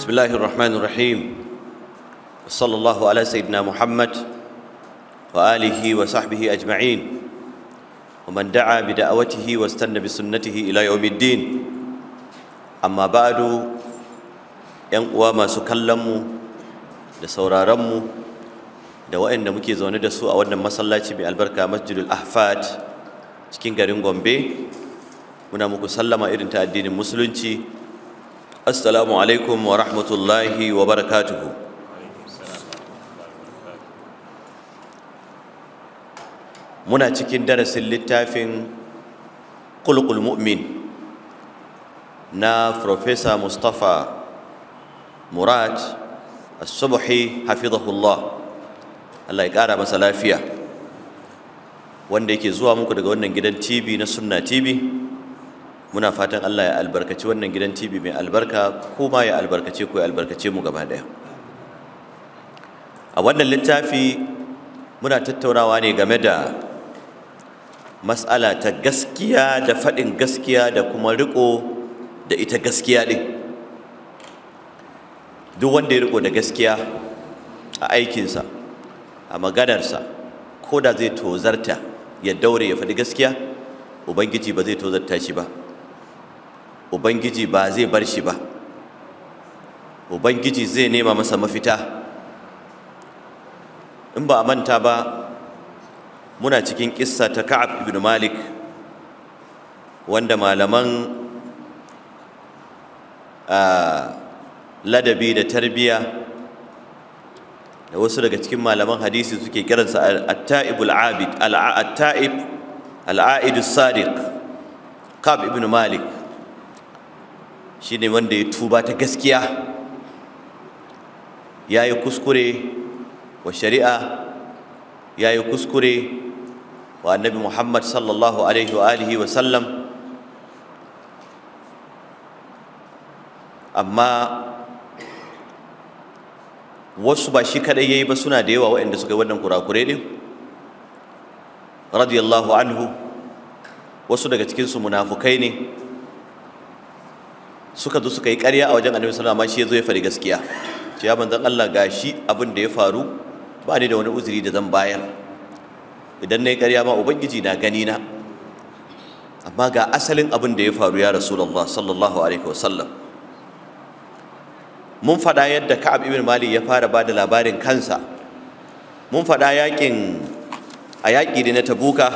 بسم الله الرحمن الرحيم وصلى الله على سيدنا محمد وآله وصحبه أجمعين ومن دعا بدعوته واستنى بسنته إلى يوم الدين أما بعد ينقوى ما سكلموا da sauraronmu da waɗanda muke zaune da su a wannan masallaci mai albarka masjidul ahfad cikin garin gombe muna muku sallama irin ta addinin musulunci assalamu alaikum wa rahmatullahi wa barakatuhu muna cikin darasin littafin kulkul mu'min na Profesa Mustapha Murad As-Subhi hafizahullah Allah ya ƙara masa lafiya wanda yake zuwa muku daga wannan gidan TV na Sunna TV muna fatan Allah ya albarkaci wannan gidan TV mai albarka ko ma ya albarkace ko ya albarkace mu gaba daya a wannan littafi muna tattaunawa ne game da matsala ta gaskiya da faɗin gaskiya da kuma riko da ita gaskiya ɗin duk wanda ya riko da gaskiya a aikinsa a maganarsa ko da zai tozarta ya daure ya faɗi gaskiya ubangiji ba zai tozarta shi ba ubangiji ba zai bar shi ba ubangiji zai nema masa mafita in ba a manta ba muna cikin ƙissa ta ka'ab ibn malik wanda malaman ladabi da tarbiya da wasu daga cikin malaman hadisi suke kiransa al taib al-a'id sadiq ka'ab ibn malik Shi ne wanda ya tuba ta gaskiya ya yi kuskure wa shari'a ya yi kuskure wa annabi muhammad sallallahu alaihi wa alihi wa sallam amma wasu ba shi kadai yayi ba suna da yawa waɗanda suka yi wannan kurakure din radiyallahu anhu wasu daga cikinsu munafukai ne suka zo suka yi ƙarya a wajen annabi sallallahu alaihi wasallam shi yazo ya fari gaskiya cewa ya manzon Allah gashi abin da ya faru ba ni da wani uzuri da zan bayar idan nayi ƙarya ma ubangiji na gani na amma ga asalin abin da ya faru ya rasulullah sallallahu alaihi wasallam mun faɗa yadda Ka'ab ibn Malik ya fara bada labarin kansa mun faɗa yakin a yaƙi ne na Tabuka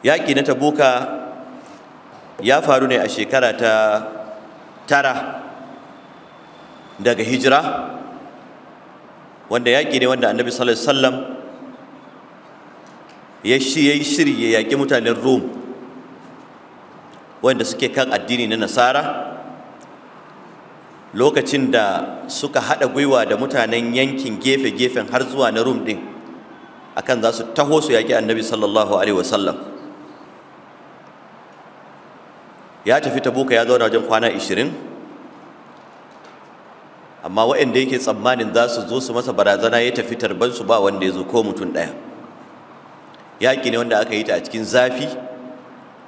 yaƙi na Tabuka ya faru ne a shekara ta tara daga hijira wanda yaƙi ne wanda annabi sallallahu alaihi shi ya yi shiri ya yaƙi mutanen rum wanda suke kan addini na nasara lokacin da suka haɗa gwiwa da mutanen yankin gefe-gefen har zuwa na rum ɗin akan za su taho su yaƙi annabi sallallahu alaihi wasallam ya tafi tabuka ya zauna wajen kwana 20 amma waɗanda yake tsammanin za su zo su masa barazana ya tafi tarban su ba wanda ya zo ko mutum ɗaya yaƙi ne wanda aka yi ta a cikin zafi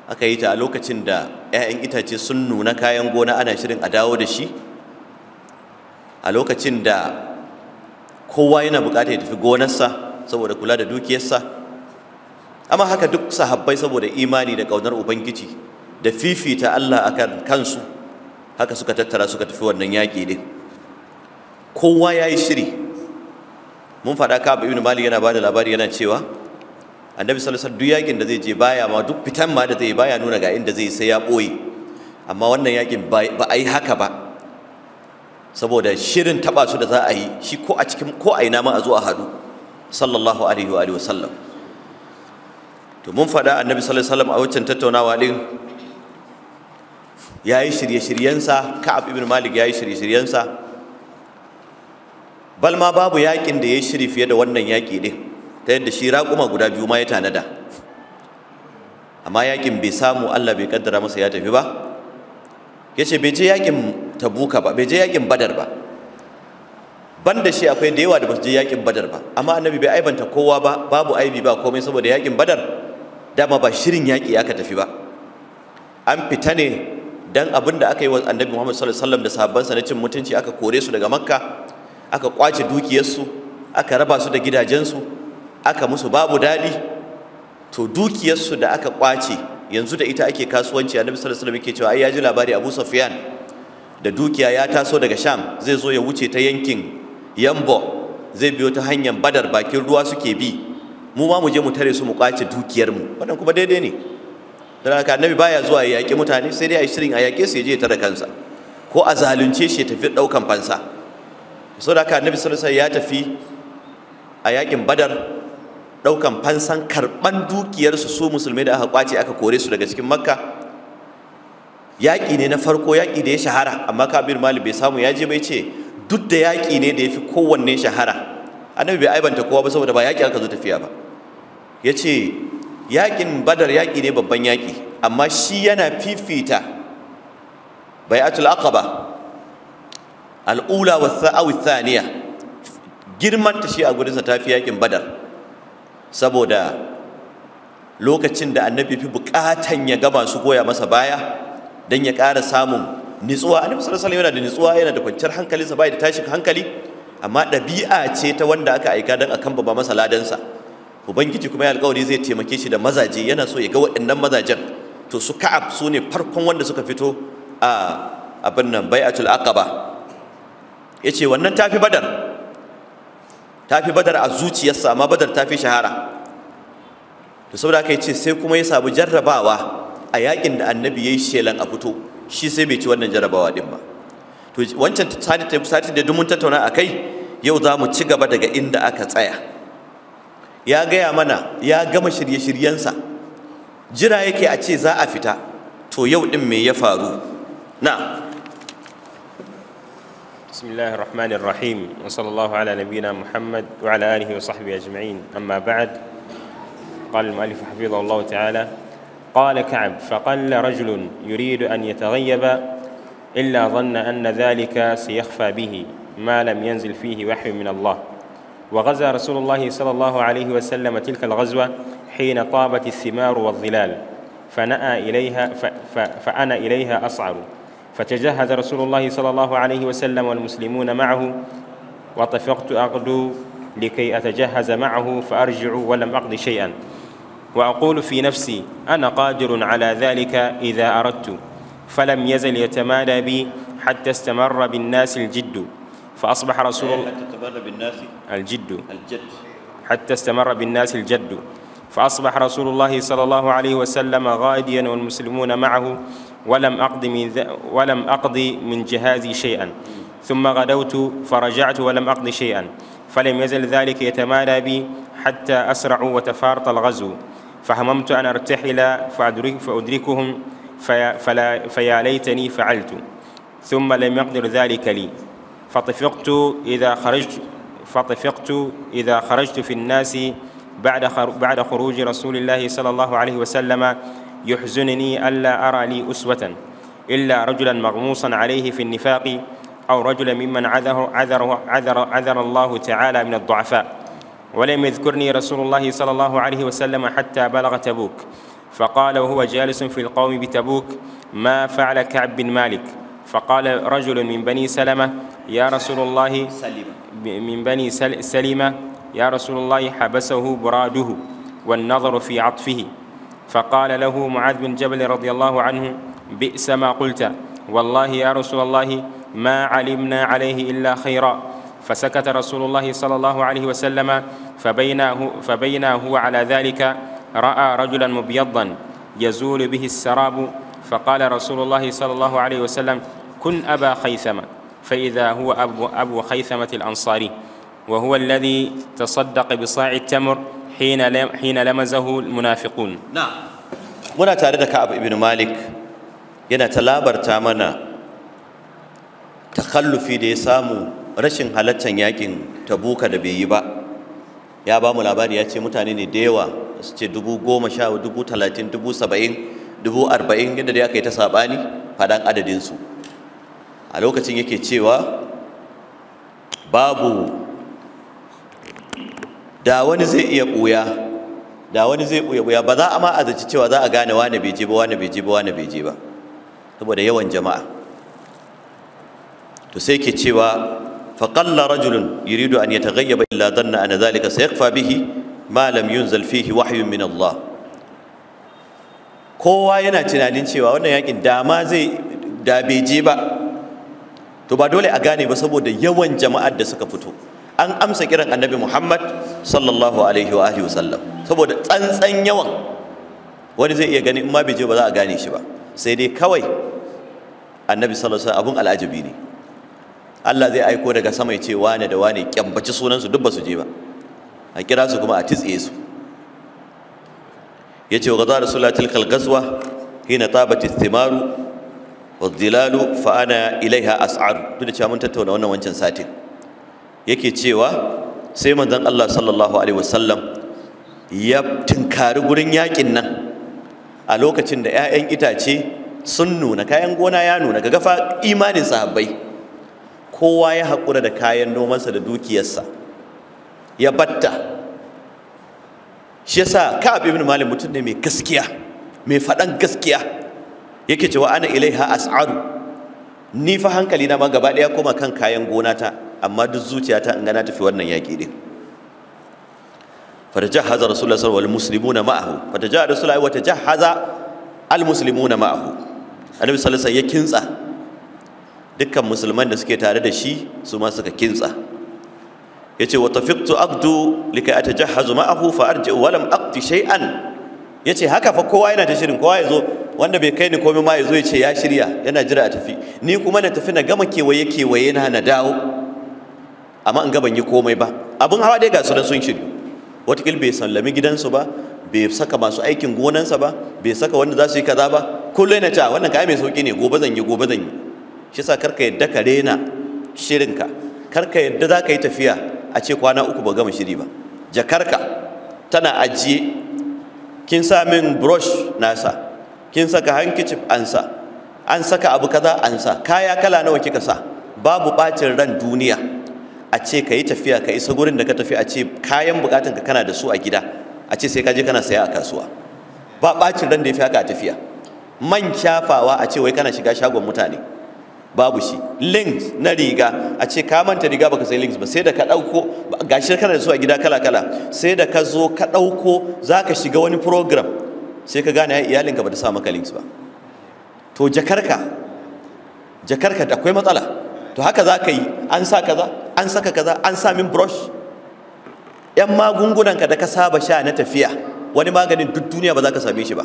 aka yi ta a lokacin da 'ya'yan itace sun nuna kayan gona ana shirin a dawo da shi a lokacin da kowa yana buƙatar ya tafi gonarsa saboda kula da dukiyarsa amma haka duk sahabbai saboda imani da ƙaunar ubangiji da fifita Allah akan kansu haka suka tattara suka tafi wannan yaƙi ne kowa ya yi shiri mun faɗa ka abu ibn mali yana bada labari yana cewa annabi sallallahu alaihi duk yaƙin da zai je baya ma duk fitan ma da zai baya nuna ga inda zai sai ya ɓoye amma wannan yaƙin ba a yi haka ba saboda shirin taɓa su da za a yi shi ko a cikin ko a ina ma a zo a hadu sallallahu alaihi wa sallam to mun faɗa annabi sallallahu alaihi wasallam a wancan tattaunawa din ya yi shirye-shiryensa ka'ab ibn malik ya yi shirye-shiryensa bal ma babu yakin da ya yi shiri fiye da wannan yaƙi ne. ta yadda shi raƙuma guda biyu ma ya tanada amma yakin bai samu allah bai kaddara masa ya tafi ba ya ce bai je yakin tabuka ba bai je yakin badar ba ban da shi akwai da yawa da basu je yakin badar ba amma annabi bai aibanta kowa ba babu aibi ba komai saboda yakin badar dama ba shirin yaƙi aka tafi ba an fita ne dan abin da aka yi wa annabi Muhammad sallallahu alaihi wasallam da sahabbansa na cin mutunci aka kore su daga makka aka kwace dukiyarsu aka raba su da gidajensu aka musu babu daɗi to dukiyarsu da aka kwace yanzu da ita ake kasuwanci annabi sallallahu alaihi wasallam yake cewa ai ya ji labari Abu Sufyan da dukiya ya taso daga Sham zai zo ya wuce ta yankin Yambo zai biyo ta hanyar Badar bakin ruwa suke bi mu ma mu je mu tare su mu kwace dukiyarmu wannan kuma daidai ne don haka annabi baya zuwa ya yaƙi mutane sai dai a shirin a yaƙe su ya je ta da kansa ko a zalunce shi ya tafi ɗaukan fansa so da haka annabi sallallahu ya tafi a yaƙin badar ɗaukan fansan karɓan dukiyarsu su musulmai da aka kwace aka kore su daga cikin makka yaƙi ne na farko yaƙi da ya shahara amma kabir malik bai samu ya je bai ce duk da yaƙi ne da ya fi kowanne shahara annabi bai aibanta kowa ba saboda ba yaƙi aka zo tafiya ba ya ce yaƙin badar yaki ne babban yaki amma shi yana fifita bai'atul aqaba al'ula wa sa'awi thaniya girman ta shi a gurinsa ta fi yakin badar saboda lokacin da annabi fi buƙatan ya gaba su goya masa baya don ya ƙara samun nitsuwa annabi sallallahu alaihi yana da nitsuwa yana da kwanciyar hankalinsa bai da tashi hankali amma ɗabi'a ce ta wanda aka aika don a kamba ba masa ladansa ubangiji kuma ya alkawari zai taimake shi da mazaje yana so ya ga waɗannan mazajen to su ka'ab su ne farkon wanda suka fito a abin nan bai'atul aqaba yace wannan tafi badar tafi badar a zuciyarsa amma badar tafi shahara to saboda haka yace sai kuma ya samu jarrabawa a yakin da annabi yayi shelan a fito shi sai bai ci wannan jarrabawa din ba to wancan sati da dumun tattauna akai yau za mu ci gaba daga inda aka tsaya ya gaya mana ya gama shirye-shiryensa jira yake a ce za a fita to yau din me ya faru na بسم الله الرحمن الرحيم وصلى الله على نبينا محمد وعلى آله وصحبه أجمعين أما بعد قال المؤلف حفظه الله تعالى قال كعب فقل رجل يريد أن يتغيب إلا ظن أن ذلك سيخفى به ما لم ينزل فيه وحي من الله وغزا رسول الله صلى الله عليه وسلم تلك الغزوة حين طابت الثمار والظلال فنأى إليها فأنا إليها أصعر فتجهز رسول الله صلى الله عليه وسلم والمسلمون معه وطفقت أغدو لكي أتجهز معه فأرجع ولم أقض شيئا وأقول في نفسي أنا قادر على ذلك إذا أردت فلم يزل يتمادى بي حتى استمر بالناس الجد فأصبح رسول الله بالناس الجد الجد حتى استمر بالناس الجد فأصبح رسول الله صلى الله عليه وسلم غاديا والمسلمون معه ولم أقض من ولم أقضي من جهازي شيئا ثم غدوت فرجعت ولم أقض شيئا فلم يزل ذلك يتمادى بي حتى أسرعوا وتفارط الغزو فهممت أن أرتحل فأدرك فأدركهم فلا... فيا ليتني فعلت ثم لم يقدر ذلك لي فطفقت إذا خرجت فطفقت إذا خرجت في الناس بعد بعد خروج رسول الله صلى الله عليه وسلم يحزنني ألا أرى لي أسوة إلا رجلا مغموصا عليه في النفاق أو رجلا ممن عذره عذر عذر عذر الله تعالى من الضعفاء ولم يذكرني رسول الله صلى الله عليه وسلم حتى بلغ تبوك فقال وهو جالس في القوم بتبوك ما فعل كعب بن مالك فقال رجل من بني سلمة يا رسول الله من بني سلمة يا رسول الله حبسه براده والنظر في عطفه فقال له معاذ بن جبل رضي الله عنه بئس ما قلت والله يا رسول الله ما علمنا عليه إلا خيرا فسكت رسول الله صلى الله عليه وسلم فبينا فبينه فبينا هو على ذلك رأى رجلا مبيضا يزول به السراب فقال رسول الله صلى الله عليه وسلم كن أبا خيثمة فإذا هو أبو, أبو خيثمة الأنصاري وهو الذي تصدق بصاع التمر حين حين لمزه المنافقون نعم muna tare da Ka'ab ibn Malik yana ta labarta mana takallufi da ya samu rashin halattan yakin Tabuka da bai yi ba ya ba mu labari ya ce mutane ne da yawa su ce dubu goma sha dubu talatin dubu saba'in dubu arba'in yadda dai aka yi ta saɓani faɗan adadinsu a lokacin yake cewa babu da wani zai iya ɓuya da wani zai ɓuya ɓuya ba za a ma azaci cewa za a gane wane bai je ba wane bai je ba wane bai je ba saboda yawan jama'a to sai ke cewa faƙalla rajulun yuridu an yataghayyaba illa dhanna ana zalika sayakfa bihi ma lam yunzal fihi wahyun min Allah kowa yana tunanin cewa wannan yakin da ma zai da bai je ba to ba dole a gane ba saboda yawan jama'ar da suka fito an amsa kiran annabi muhammad sallallahu alaihi wa alihi wasallam saboda tsantsan yawan wani zai iya gani in ma bai je ba za a gane shi ba sai dai kawai annabi sallallahu alaihi abun al'ajabi ne Allah zai aiko daga sama ya ce wane da wane kyambaci sunansu duk ba su je ba a kira su kuma a titse su yace wa gaza rasulullahi tilkal ghazwa hina tabati istimaru wadilalu fa ana ilaiha as'ar duk da cewa mun tattauna wannan wancan satin yake cewa sai manzon Allah sallallahu alaihi wasallam ya tinkari gurin yakin nan a lokacin da 'ya'yan itace sun nuna kayan gona ya nuna kaga fa imanin sahabbai kowa ya hakura da kayan nomansa da dukiyarsa ya batta shi yasa ka abin malik mutum ne mai gaskiya mai faɗan gaskiya yake ce wa ana ilaiha as'aru ni fa hankali na ma gaba daya koma kan kayan gonata amma duk zuciyata in gana tafi wannan yaki din fatajahaza rasulullah sallallahu alaihi muslimuna ma'ahu fatajahaza rasulullah wa tajahaza al muslimuna ma'ahu annabi sallallahu alaihi ya kintsa dukkan musulman da suke tare da shi su ma suka kintsa yace wa tafiqtu abdu lika atajahazu ma'ahu fa arji'u wa lam aqti shay'an yace haka fa kowa yana ta shirin kowa ya zo wanda bai kai ni komai ma ya zo ya ce ya shirya yana jira a tafi ni kuma na tafi na gama kewaye kewaye na na dawo amma in ga ban yi komai ba Abun hawa dai ga su sun shiryu watakil bai sallami gidansu ba bai saka masu aikin gonansa ba bai saka wanda za su yi kaza ba kullum yana cewa wannan kaya mai sauki ne gobe zan yi gobe zan yi shi sa karka yadda ka rena shirinka karka yadda za ka yi tafiya a ce kwana uku ba gama shiri ba jakarka tana ajiye kin sa min brush nasa kin saka hankicif an sa an saka abu kaza an sa kaya kala nawa kika sa babu bacin ran duniya a ce ka yi tafiya ka isa gurin da ka tafi a ce kayan bukatun ka kana da su a gida a ce sai ka je kana saya a kasuwa ba bacin ran da ya fi haka a tafiya man shafawa a ce wai kana shiga shagon mutane babu shi links na riga a ce ka manta riga baka sai links ba sai da ka ɗauko gashi kana da su a gida kala kala sai da ka zo ka ɗauko zaka shiga wani program sai ka gane iyalinka ba ta sa maka links ba to jakarka jakarka da akwai matsala to haka za ka yi an sa kaza an saka kaza an sa min brush yan magungunanka da ka saba sha na tafiya wani maganin duk duniya ba za ka same shi ba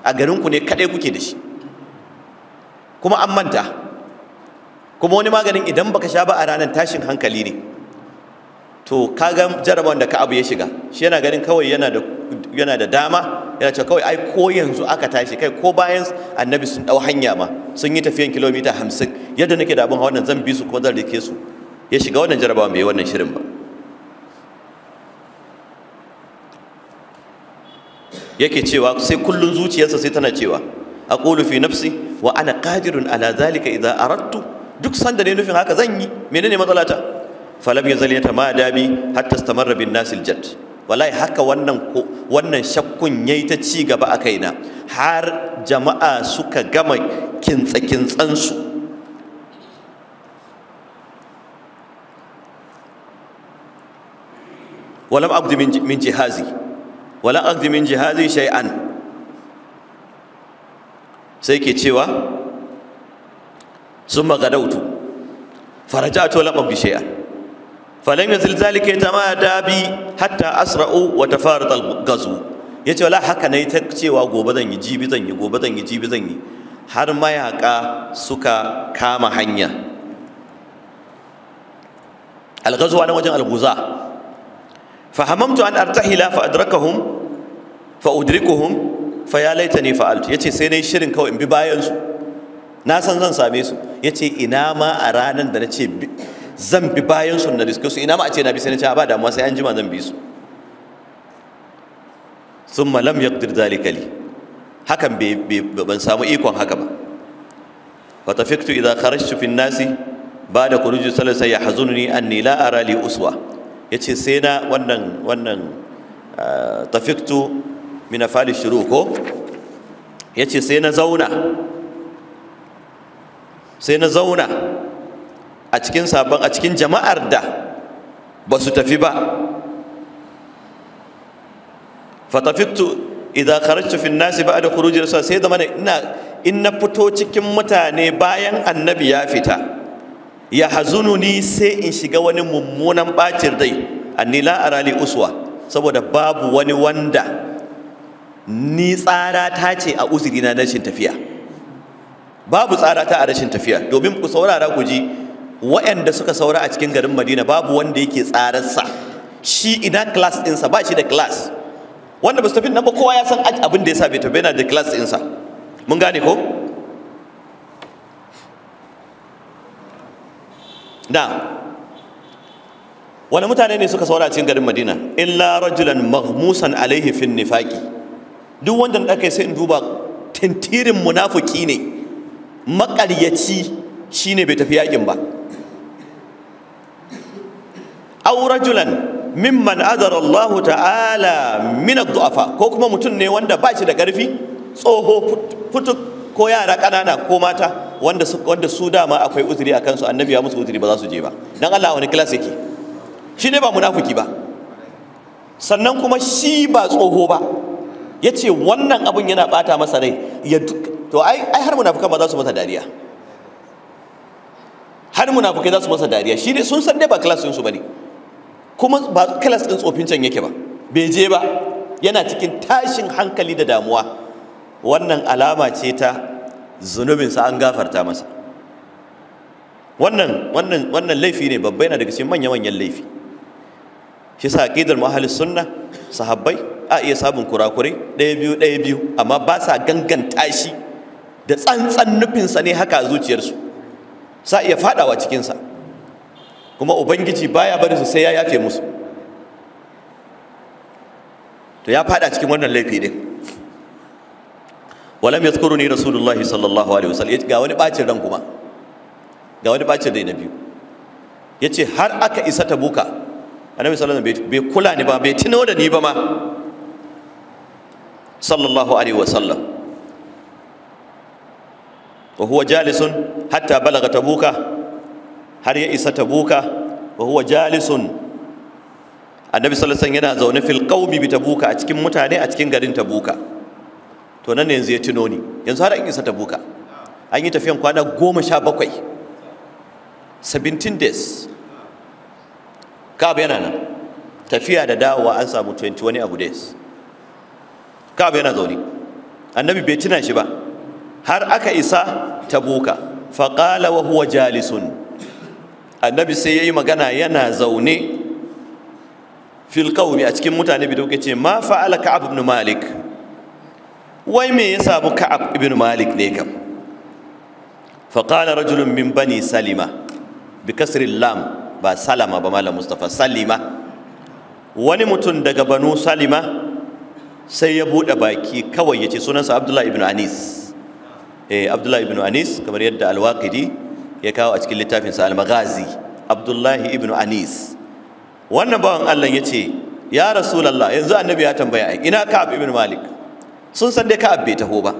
a garin ku ne kaɗai kuke da shi kuma an manta kuma wani maganin idan baka sha ba a ranar tashin hankali ne to ka ga jarabawan da ka abu ya shiga shi yana ganin kawai yana da dama yana cewa kawai ai ko yanzu aka tashi kai ko bayan annabi sun dau hanya ma sun yi tafiyan kilomita hamsin yadda nake da abin wannan zan bi su kuma zan rike su ya shiga wannan jarabawa bai wannan shirin ba yake cewa sai kullun zuciyarsa sai tana cewa aqulu fi nafsi wa ana qadirun ala zalika idza aradtu duk sanda ne nufin haka zan yi menene matsalata falam ta ma dabi hatta istamarra bin nasil jadd wallahi haka wannan wannan shakkun yayi ta ci gaba a kaina har jama'a suka gama kintsa kintsansu walam abdu min jihazi wala abdu min jihazi shay'an sai ke cewa summa gadautu faraja'tu lam abdu shay'an falam ta zalika yatamada bi hatta asra'u wa tafarat al-ghazw yace wala haka ne ta cewa gobe zan yi jibi zan yi gobe zan yi jibi zan yi har mayaka suka kama hanya al-ghazw na wajen al-ghuza fahamamtu an artahila fa adrakahum fa udrikuhum fa ya laitani fa'altu yace sai nayi shirin kawai in bi bayan su na san zan same su yace ina ma a ranan da nace zan bi bayan su na riske su ina ma a ce na bi sai na ce ba damuwa sai an jima zan bi su sun malam yaqdir zalika li hakan ban samu ikon haka ba fa Fiktu, idan kharajtu fi nasi ba'da khuruji sallallahu alaihi yahzununi an la a rali uswa yace sai na wannan wannan ah, tafiktu min fali shiru ko yace sai na zauna sai na zauna a cikin sabon a cikin jama'ar da ba su tafi ba fatafittu idza kharajtu fi nasi ba'da khuruji rasul sai da mana ina in na fito cikin mutane bayan annabi ya fita ya ni sai in shiga wani mummunan bacir dai annila arali uswa saboda babu wani wanda ni tsara ta ce a uzuri na rashin tafiya babu tsara ta a rashin tafiya domin ku saurara ku ji waɗanda suka saura a cikin garin madina babu wanda yake tsararsa shi ina class ɗinsa ba shi da class wanda ba su tafi nan ba kowa ya san abin da ya sa bai tafi yana da class ɗinsa mun gane ko na wani mutane ne suka saura a cikin garin madina illa rajulan maghmusan alaihi fin nifaqi duk wanda da kai sai in duba tintirin munafiki ne maƙaryaci shine bai tafi yakin ba aw rajulan mimman adara Allah ta'ala min ad-du'afa ko kuma mutum ne wanda ba shi da ƙarfi tsoho futuk ko yara ƙanana ko mata wanda su wanda su dama akwai uzuri a kansu annabi ya musu uzuri ba za su je ba dan Allah wani class yake shi ne ba munafiki ba sannan kuma shi ba tsoho ba yace wannan abun yana bata masa rai ya to ai ai har munafikan ba za su masa dariya har munafikai za su masa dariya shi ne sun san dai ba class din su bane kuma ba kalas ɗin tsofin can yake ba bai je ba yana cikin tashin hankali da damuwa wannan alama ce ta zunubinsa an gafarta masa wannan wannan wannan laifi ne babba yana daga cikin manya manyan laifi shi sa aqidar mahalis sunna sahabbai a iya sabon kurakurai ɗaya biyu ɗaya biyu amma ba sa ganganta shi da tsantsan nufinsa ne haka zuciyarsu sa iya faɗawa cikinsa kuma ubangiji baya bari su sai ya yafe musu to ya fada cikin wannan laifi din walam yadhkuruni rasulullahi sallallahu alaihi wasallam ga wani bacin ran kuma ga wani bacin rai na biyu yace har aka isa tabuka annabi sallallahu alaihi wasallam bai kula ni ba bai tuno da ni ba ma sallallahu alaihi wasallam wa huwa jalisun hatta balaga tabuka har ya isa tabuka wa huwa jalisun annabi sallallahu alaihi yana zaune fil qaumi bi tabuka a cikin mutane a cikin garin tabuka to nan ne yanzu ya tuno ni yanzu har an isa tabuka an yi tafiyan kwana goma sha bakwai 17 days kab yana nan tafiya da dawowa an samu 20 wani abu days kab yana zaune annabi bai tuna shi ba har aka isa tabuka faqala wa huwa jalisun annabi sai ya yi magana yana zaune fil a cikin mutane bidau ce ma fa'ala ka'ab ibn malik wai me ya samu ka'ab ibn malik ne kam fa qala rajulun min bani salima bi kasri lam ba salama ba malam mustafa salima wani mutum daga banu salima sai ya buɗe baki kawai ya ce sunansa abdullahi ibn anis eh abdullahi ibn anis kamar yadda alwaqidi ya kawo a cikin littafin sa al-maghazi abdullahi ibnu anis wannan bawan Allah ya ce ya rasulullah yanzu annabi ya tambaya ai ina ka'ab ibn malik sun san dai ka'ab bai taho ba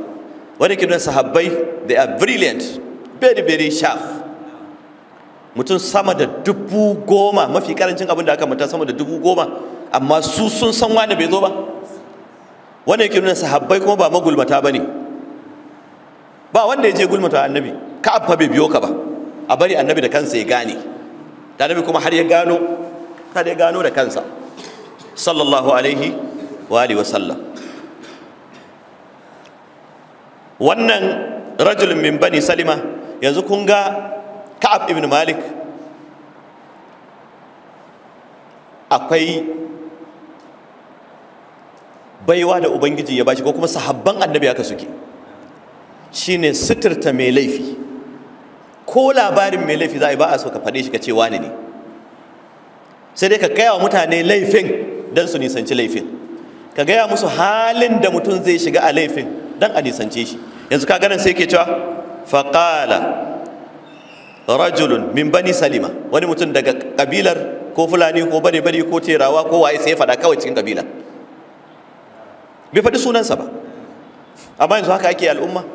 wanda ke sahabbai they are brilliant very very sharp mutum sama da dubu goma mafi karancin abin da aka mata sama da dubu goma amma su sun san wani bai zo ba wani yake nuna sahabbai kuma ba magulmata ba ne ba wanda ya je gulmata annabi ka fa bai biyo ka ba a bari annabi da kansa ya gane da annabi kuma har ya gano har ya gano da kansa sallallahu alaihi wa alihi wasallam wannan rajulun min bani salima yanzu kun ga ka'ab ibn malik akwai baiwa da ubangiji ya bashi ko kuma sahabban annabi haka suke shine suturta mai laifi ko labarin mai laifi za a yi ba a so ka faɗe shi ka ce wani ne sai dai ka gaya wa mutane laifin don su nisanci laifin ka gaya musu halin da mutum zai shiga a laifin don a nisance shi yanzu ka ganin sai ke cewa faƙala rajulun min bani salima wani mutum daga ƙabilar ko fulani ko bare bari ko terawa ko waye sai faɗa kawai cikin ƙabila bai faɗi sunansa ba amma yanzu haka ake al'umma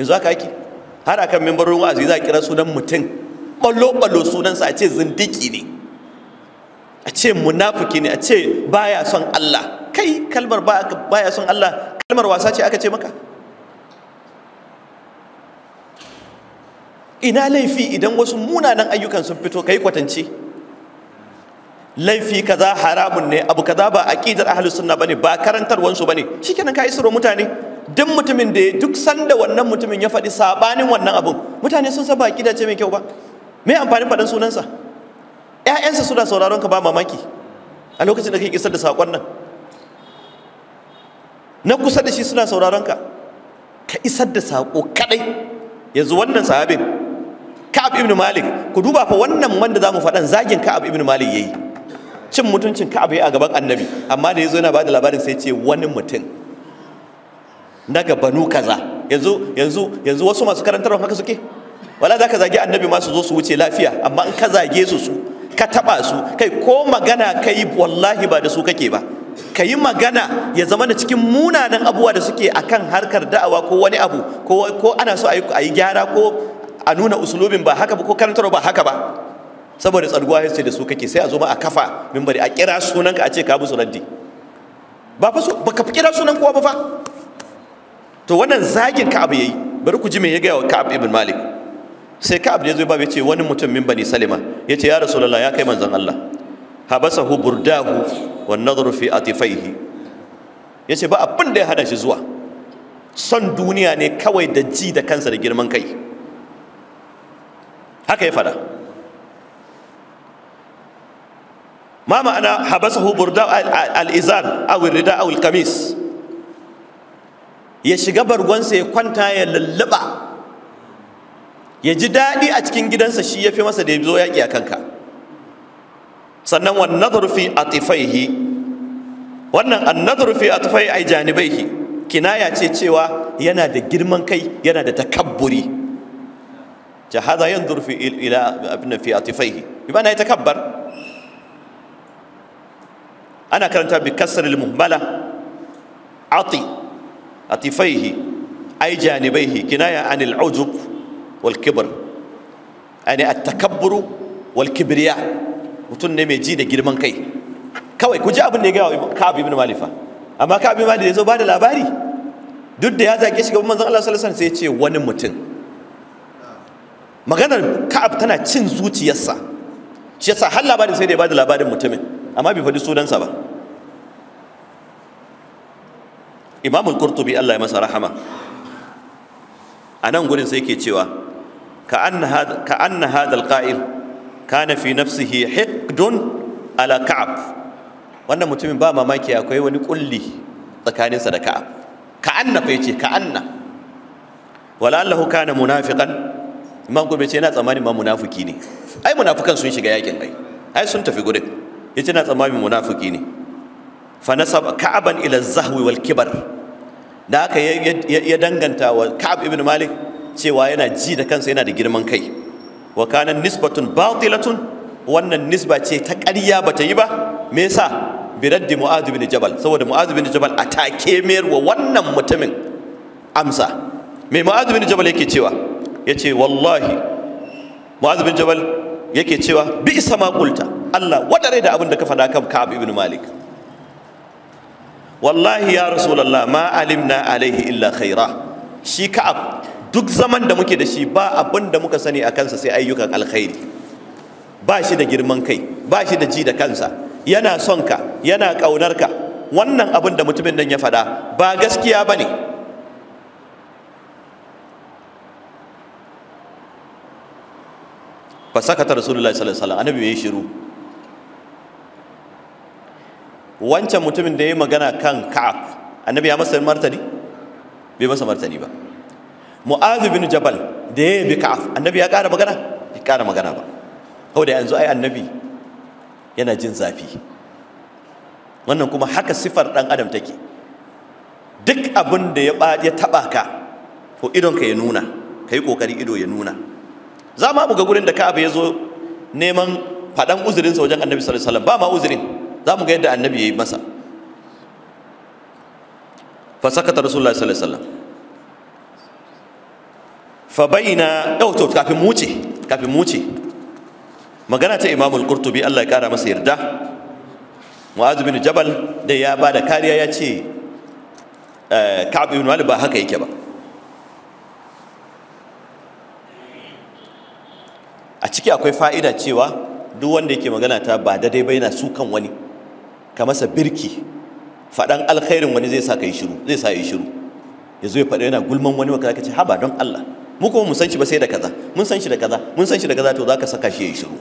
yanzu haka ake har akan membarin wa'azi za a kira sunan mutum ɓallo-ɓallo sunansa a ce zindiki ne a ce munafiki ne a ce baya son Allah kai kalmar baya son Allah kalmar wasa ce aka ce maka ina laifi idan wasu munanan ayyukan sun fito kai kwatance laifi kaza haramun ne abu kaza ba aqidar ahlus ba bane ba karantarwansu bane shikenan ka isro mutane duk mutumin da duk sanda wannan mutumin ya faɗi sabanin wannan abun mutane sun san ba kida ce mai kyau ba me amfani faɗin sunansa ƴaƴansa suna sauraron ka ba mamaki a lokacin da kake isar da sakon nan na kusa da shi suna sauraron ka ka isar da sako kadai yanzu wannan sahabin Ka'ab ibn Malik ku duba fa wannan wanda zamu faɗan zagin Ka'ab ibn Malik yayi cin mutuncin Ka'ab yayi a gaban Annabi amma da yazo yana bada labarin sai ce wani mutum na ga banu kaza yanzu yanzu yanzu wasu masu karantarwa haka suke wala za ka zagi annabi ma su zo su wuce lafiya amma in ka zage su su ka taba su kai ko magana kai wallahi ba da su kake ba ka magana ya zama da cikin munanan abubuwa da suke akan harkar da'awa ko wani abu ko ana so a yi gyara ko a nuna usulubin ba haka ba ko karantar ba haka ba saboda tsarguwa sai da su kake sai a zo ma a kafa mimbari a kira sunanka a ce ka bi sunanti ba fa so baka kira sunan kowa ba fa to wannan zagin ka'ab yayi bari ku ji me ya gaya wa ka'ab ibn malik sai ka'ab ya zo ba ya ce wani mutum min bani salima ya ce ya rasulullah ya kai manzon Allah habasahu burdahu wa nadru fi atifaihi ya ce ba abin da ya hada shi zuwa son duniya ne kawai da ji da kansa da girman kai haka ya fada ma ma'ana habasahu burdahu al-izar aw rida aw al ya shiga bargonsa ya kwanta ya lallaba ya ji daɗi a cikin gidansa shi ya fi masa da ya zo yaƙi a kanka sannan wannan nazarfi a tifaihi wannan an nazarfi a tufai ai janibaihi kinaya ce cewa yana da girman kai yana da takabburi jahaza yan zurfi ila abin fi a tufaihi bi ba na yi takabbar ana karanta bi kasar ati atifaihi ai janibaihi kinaya anil ujub wal kibr ani at takabbur wal kibriya mutum ne mai ji da girman kai kawai ku ji abin da ya gaya ka'ab ibn malifa amma ka'ab ibn malifa zo ba da labari duk da ya zaki shi gaban manzon Allah sallallahu alaihi wasallam sai ce wani mutum maganar ka'ab tana cin zuciyarsa shi yasa har labarin sai da ya ba da labarin mutumin amma bai faɗi sunansa ba imamul qurtubi Allah ya masa rahama a nan gurin sai ke cewa ka anna hadal qa'il kana fi nafsihi hiqdun ala ka'ab wannan mutumin ba mamaki akwai wani kulli tsakaninsa da ka'ab ka anna fa yace ka anna wala allahu kana munafiqan imam gobe ce yana tsammanin ma munafiki ne ai munafikan sun shiga yakin ai ai sun tafi gurin yace yana tsammanin munafiki ne fa nasaba ka'aban ila zahwi wal kibar da haka ya danganta wa ka'ab ibn malik cewa yana ji da kansa yana da girman kai wa kana nisbatun batilatun wannan nisba ce ta ƙarya bata yi ba me yasa biraddi mu'az ibn jabal saboda mu'az ibn jabal atake mayar wa wannan mutumin amsa me mu'az ibn jabal yake cewa yace wallahi mu'az ibn jabal yake cewa bi isa ma qulta Allah wadare da abin da ka faɗa kan Ka'ab ibn Malik wallahi ya rasulallah ma alimna alaihi illa khaira shi ka'ab duk zaman da muke da shi ba abin da muka sani a kansa sai ayyukan alkhairi ba shi da girman kai ba shi da ji da kansa yana son ka yana ƙaunar ka wannan abin da mutumin nan ya faɗa ba gaskiya ba ne fasakata rasulullahi sallallahu alaihi wasallam annabi yayi shiru wancan mutumin da ya magana kan Ka'af, annabi ya masa martani bai masa martani ba mu'az bin jabal da ya bi Ka'af, annabi ya ƙara magana ya ƙara magana ba kawai da yanzu ai annabi yana jin zafi wannan kuma haka sifar ɗan adam take duk abin da ya taɓa ka idon idonka ya nuna ka yi ƙoƙari ido ya nuna za ma buga gurin da ka'ab ya zo neman faɗan uzurinsa wajen annabi sallallahu alaihi wasallam ba ma uzurin za mu ga yadda annabi ya yi masa fasakata rasulullah sallallahu alaihi wasallam fa baina yau kafin mu magana ta al qurtubi Allah ya kara masa yarda mu'az bin jabal da ya ba kariya ya ce eh, ka'ab ibn ba haka yake ba a ciki akwai fa'ida cewa duk wanda yake magana ta ba daidai ba yana kan wani ka masa birki faɗan alkhairin wani zai sa ka yi shiru zai sa yi shiru ya zo ya faɗa yana gulman wani wa ka ce haba don Allah mu kuma mun san shi ba sai da kaza mun san shi da kaza mun san shi da kaza to za ka saka shi ya yi shiru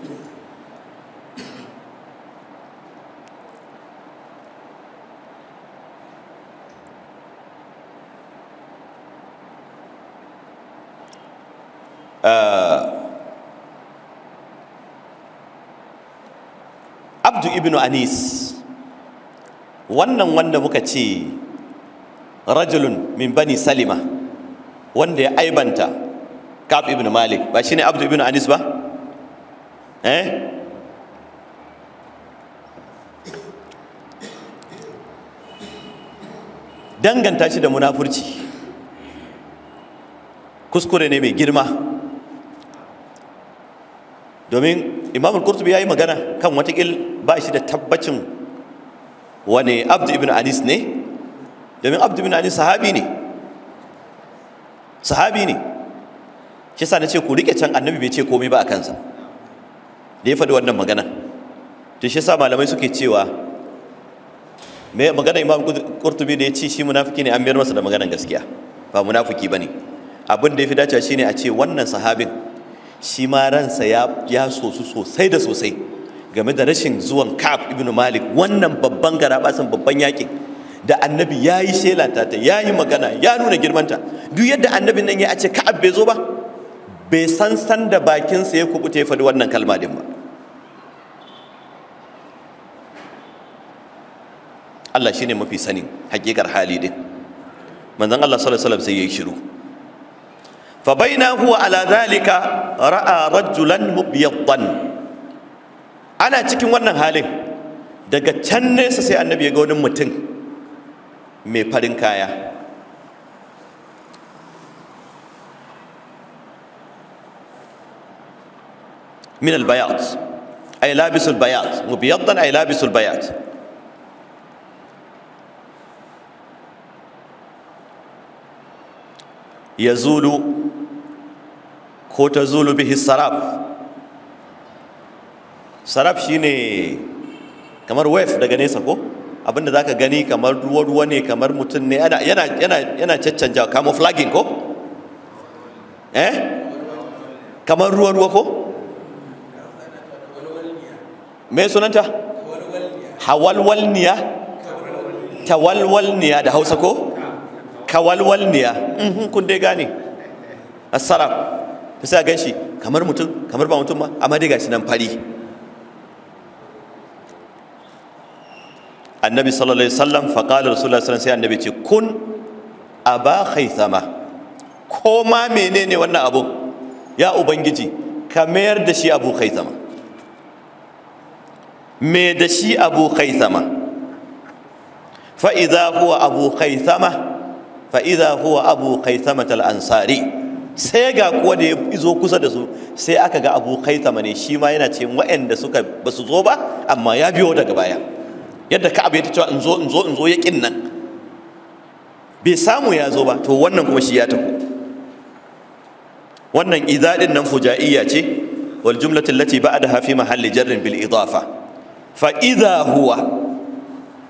abdu ibnu anis wannan wanda muka ce rajulun min bani salima wanda ya aibanta Kaf ibn malik ba shine abdu ibn anis ba eh danganta shi da munafurci kuskure ne mai girma domin imamul kurtubi ya yi magana kan watakil ba shi da tabbacin wane abdu ibn anis ne domin abdu ibn anis sahabi ne sahabi ne shi sa na ce ku rike can annabi bai ce komai ba a kansa da ya faɗi wannan magana to shi sa malamai suke cewa mai magana imam kurtubi da ya ce shi munafiki ne an biyar masa da maganan gaskiya ba munafiki ne. abin da ya fi dacewa shine a ce wannan sahabin shi ma ransa ya ya sosu sosai da sosai game da rashin zuwan Ka'ab ibn Malik wannan babban garabasan babban yakin da annabi ya yi shelata ta ya yi magana ya nuna girmanta duk yadda annabin nan ya ce Ka'ab bai zo ba bai san san da bakinsa ya kubuta ya faɗi wannan kalma din ba Allah shine mafi sanin hakikar hali din manzon Allah sallallahu alaihi wasallam sai yayi shiru fa baina huwa ala zalika ra'a rajulan mubyaddan ana cikin wannan halin daga can nesa sai annabi ya ga wani mutum mai farin kaya min albayat ay labisul bayat mubiyaddan ay labisul bayat yazulu ko tazulu bihi sarab sarab shine kamar wave daga nesa ko abinda zaka gani kamar ruwa-ruwa ne kamar mutum ne yana yana yana caccanja camouflaging ko eh kamar ruwa-ruwa ko me sunanta hawalwalniya tawalwalniya da hausa ko kawalwalniya mhm, kun dai gane ta sa a shi kamar mutum kamar ba mutum ba amma dai gashi nan fari annabi sallallahu alaihi wasallam fa qala rasulullahi sallallahu alaihi wasallam sai ce kun aba khaisama ko ma menene wannan abu ya ubangiji ka mayar da shi abu khaisama me da shi abu khaisama fa idza huwa abu khaisama fa idza huwa abu khaisama al ansari sai ga kuwa da ya zo kusa da su sai aka ga abu khaisama ne shi ma yana cewa wa'anda suka ba su zo ba amma ya biyo daga baya yadda ka abu ya ta cewa in zo in zo in zo ya kin nan bai samu ya zo ba to wannan kuma shi ya tafi wannan idadin nan fujaiya ce wal jumlatu allati ba'daha fi mahalli jarin bil idafa fa idha huwa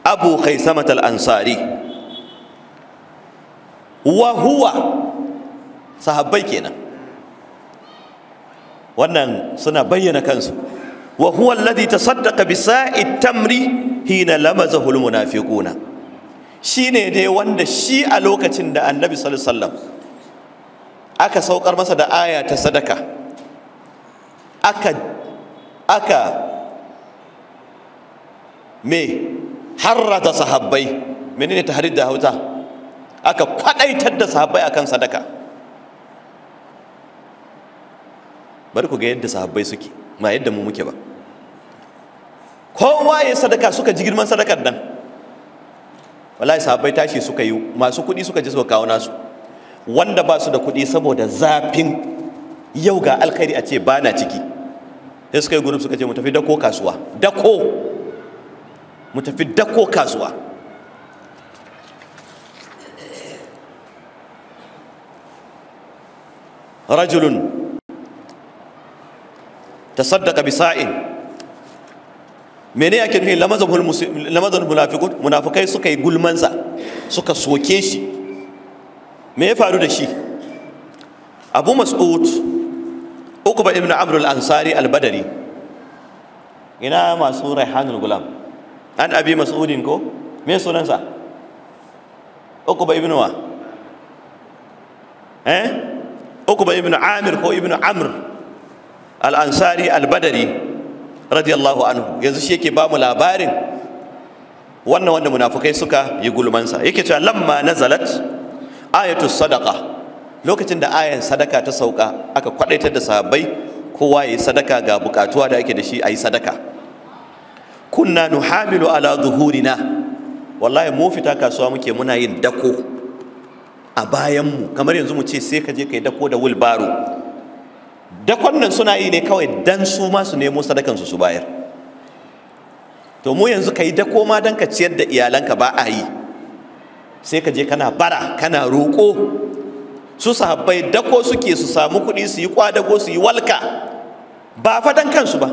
abu khaysamat al ansari wa huwa sahabbai kenan wannan suna bayyana kansu wa huwa alladhi tasaddaqa bi sa'it tamri hina lamazahu almunafiquna shine dai wanda shi a lokacin da annabi sallallahu alaihi wasallam aka saukar masa da aya ta sadaka aka aka me harrata sahabbai menene tahrid da hauta aka kwadaitar da sahabbai akan sadaka bari ku ga yadda sahabbai suke ma yadda mu muke ba kowa ya sadaka suka ji girman sadakar nan wallahi sahabbai tashi suka yi masu kuɗi suka ji suka kawo nasu wanda ba su da kuɗi saboda zafin yau ga alkhairi a ce ba na ciki sai suka yi gurup suka ce mu tafi dako kasuwa dako mu tafi dako kasuwa rajulun tasaddaqa bi sa'in mene yake nufi lamazan munafiqun munafikai suka yi gulmansa suka soke shi me ya faru da shi abu mas'ud uqba ibn amr al-ansari al-badri ina masu raihanul gulam an abi mas'udin ko me sunansa uqba ibn wa eh uqba ibn amir ko ibn amr al-ansari al-badari radiyallahu anhu yanzu shi yake bamu labarin wannan wanda munafukai suka yi gulmansa yake cewa lamma na nazalat ayatu sadaqa lokacin da ayan sadaka ta sauka aka kwadaitar da sahabbai kowa yi sadaka ga bukatuwa da ake da shi a yi sadaka kunna nuhamilu ala zuhurina wallahi mu fita kasuwa muke muna yin dako a bayan mu kamar yanzu mu ce sai ka je kai dako da wilbaro. dakon nan suna yi ne kawai dan su ma nemo sadakan su su bayar to mu yanzu ka yi dako ma dan ka ciyar da iyalanka ba a yi sai ka je kana bara kana roƙo su sahabbai dako suke su samu kuɗi su yi kwadago su yi walka ba fa dan kansu ba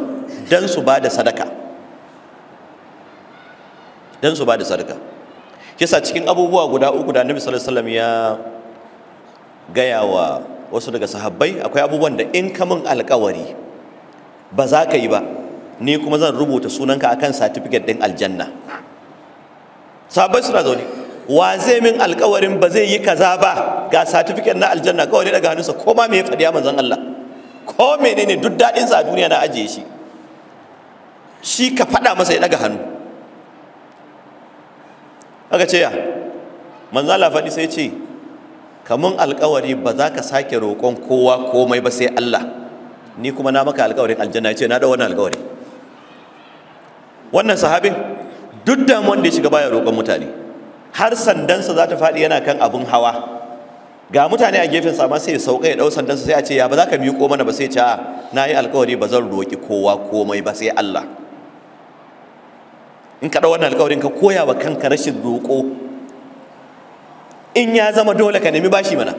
dan su ba da sadaka dan su ba da sadaka Kisa cikin abubuwa guda uku da annabi sallallahu alaihi wasallam ya gaya wa wasu daga sahabbai akwai abubuwan da in ka min alkawari ba za ka yi ba ni kuma zan rubuta sunanka kan satifiket din aljanna sahabbai suna zaune wa zai min alkawarin ba zai yi kaza ba ga satifiket na aljanna kawai daga hannunsa ko ma me ya faɗi manzon Allah ko menene duk daɗin sa a duniya na ajiye shi shi ka faɗa masa ya daga hannu aka ce ya manzon Allah faɗi sai ce kamun alkawari ba za ka sake roƙon kowa komai ba sai Allah ni kuma na maka alkawarin aljanna ce na da wannan alkawari wannan sahabin duk da wanda ya shiga baya roƙon mutane har sandansa za ta faɗi yana kan abun hawa ga mutane a gefen sa ma sai ya sauka ya dau sandansa sai a ce ya ba za ka miƙo mana ba sai ce a na yi alkawari ba zan roƙi kowa komai ba sai Allah in ka ɗau wannan alkawarin ka koya wa kanka rashin roƙo in ya zama dole ka nemi bashi mana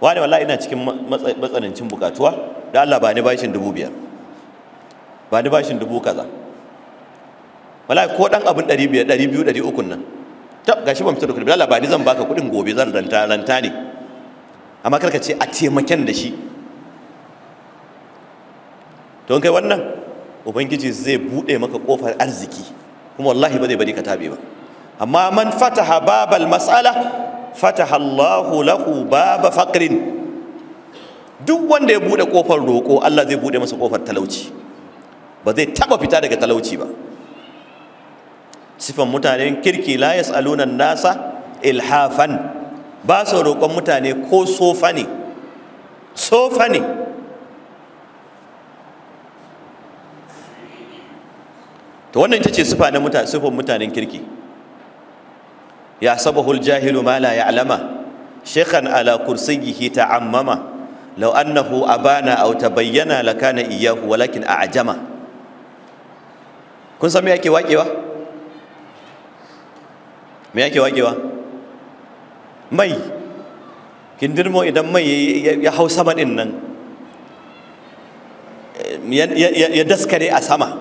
wani wallahi ina cikin matsanancin bukatuwa da Allah ba ni bashin dubu biyar ba ni bashin dubu kaza wallahi ko dan abin ɗari biyar ɗari biyu ɗari ukun nan tab gashi ban fita da kuɗi Allah ba ni zan baka kuɗin gobe zan ranta ranta ne amma kar ka ce a taimaken da shi to kai wannan ubangiji zai buɗe maka ƙofar arziki kuma wallahi ba zai bari ka tabe ba amma man fataha babal mas'ala fataha Allahu lahu baba faqrin duk wanda ya bude kofar roƙo Allah zai bude masa kofar talauci ba zai taba fita daga talauci ba sifan mutanen kirki la yas'aluna nasa ilhafan ba su roƙon mutane ko sofa ne sofa ne to wannan ita ce sifa na mutane sifan mutanen kirki يحسبه الجاهل ما لا يعلمه شيخا على كرسيه تعممه لو أنه أبانا أو تبين لكان إياه ولكن ajama. kun san me yake wakewa me yake wakewa mai kindirmo idan mai ya hau sama din nan ya daskare a sama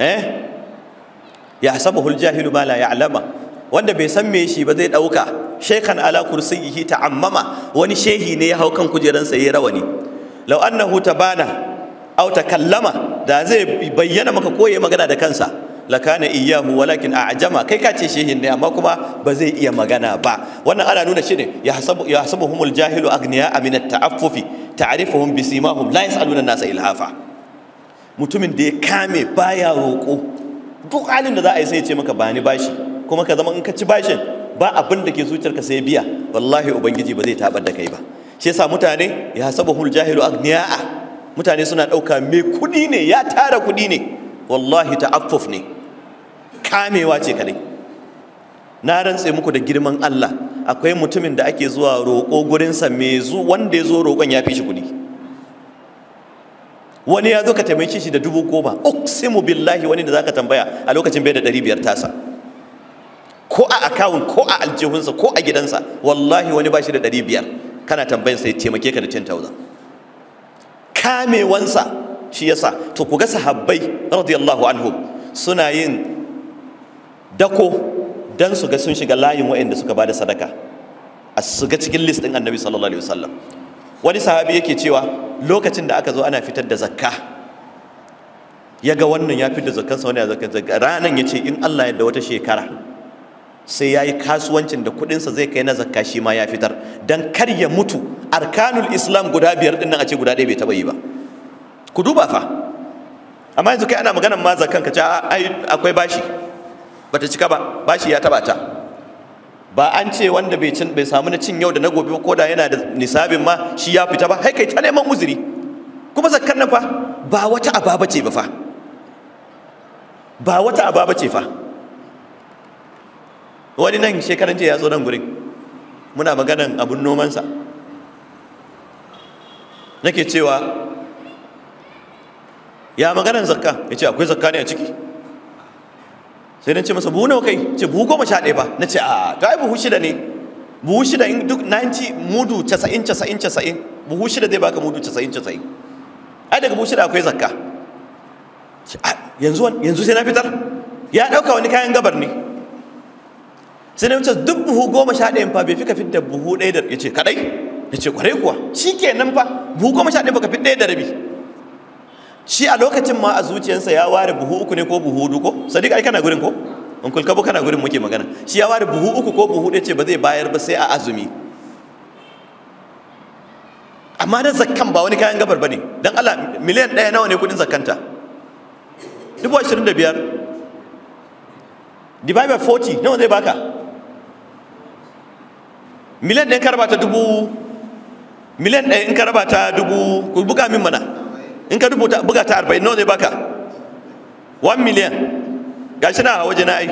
eh ya asabahu aljahilu ma la ya'lama wanda bai san me shi ba zai dauka shaykhan ala ta ta'ammama wani shehi ne ya hau kan sa yayi rawani law annahu tabana aw takallama da zai bayyana maka koye magana da kansa lakana iyahu walakin a'jama kai ka ce shehin ne amma kuma ba zai iya magana ba wannan ana nuna shi ne ya hasabu ya hasabuhumul jahilu agniya min taaffufi ta'rifuhum bisimahum la yas'aluna an-nasa ilhafa mutumin da ya kame baya roƙo duk halin da za a yi sai ce maka ba ni bashi kuma ka zama in ka ci bashin ba abin da ke zuciyarka sai biya wallahi ubangiji ba zai tabar da kai ba shi yasa mutane ya sabahul jahilu agniya'a mutane suna ɗauka mai kuɗi ne ya tara kuɗi ne wallahi ta'affuf ne kamewa ce kadai na rantse muku da girman Allah akwai mutumin da ake zuwa roƙo gurinsa mai zu wanda ya zo roƙon ya fi shi kuɗi wani ya zo ka taimake shi da dubu goma uksimu billahi wani da zaka tambaya a lokacin bai da ɗari biyar tasa ko a akawun ko a aljihunsa ko a gidansa wallahi wani ba shi da ɗari biyar kana tambayin sai taimake ka da thousand. kamewansa shi yasa to ku ga sahabbai radiyallahu anhu suna yin dako dan su ga sun shiga layin waɗanda suka bada sadaka a su ga cikin list ɗin annabi sallallahu alaihi wasallam wani sahabi yake cewa lokacin da aka zo ana fitar da zakka ya ga wannan ya fitar da sa wani ya zakkan zakka ranan ya ce in Allah ya da wata shekara sai yayi kasuwancin da sa zai kai na zakka shi ma ya fitar Dan kar ya mutu arkanul islam guda biyar ɗin nan a ce guda ɗaya bai taɓa yi ba ku duba fa amma yanzu kai ana maganar ma zakkan ka ce ai akwai bashi bata cika ba bashi ya taɓa ta ba an ce wanda bai samu na cin yau da na gobe ko da yana da nisabin ma shi ya fita ba kai kai ta neman uzuri kuma zakkar nan fa ba wata ababa ce ba fa ba wata ababa ce fa wani nan shekaran jiya ya zo nan gurin muna maganan abun nomansa nake cewa ya maganan zakka ya ce akwai zakka ne a ciki sai na ce masa buhu nawa kai ce buhu goma sha ɗaya ba na ce a to ai buhu shida ne buhu shida in duk 90 mudu 90 90 casain? buhu shida zai baka mudu 90 90 ai daga buhu shida akwai zakka yanzu yanzu sai na fitar ya ɗauka wani kayan gabar ne sai na ce duk buhu goma sha ɗaya fa bai fi ka fitar buhu ɗaya da ya ce kaɗai ya ce kwarai kuwa shi kenan fa buhu goma sha ɗaya baka fi ɗaya da rabi shi a lokacin ma a zuciyarsa ya ware buhu uku ne ko buhu hudu ko sadiq ai kana gurin ko kulka kabo kana gurin muke magana shi ya ware buhu uku ko buhu ɗaya ce ba zai bayar ba sai a azumi amma na zakkan ba wani kayan gabar ba ne don allah miliyan ɗaya nawa ne kudin zakkanta dubu ashirin da biyar divide by 40 nawa zai baka miliyan ɗaya ka raba ta dubu miliyan ɗaya in ka raba ta dubu ku buga min mana in ka rubuta buga ta arba'in nawa zai baka One million Ga shi na a waje na ai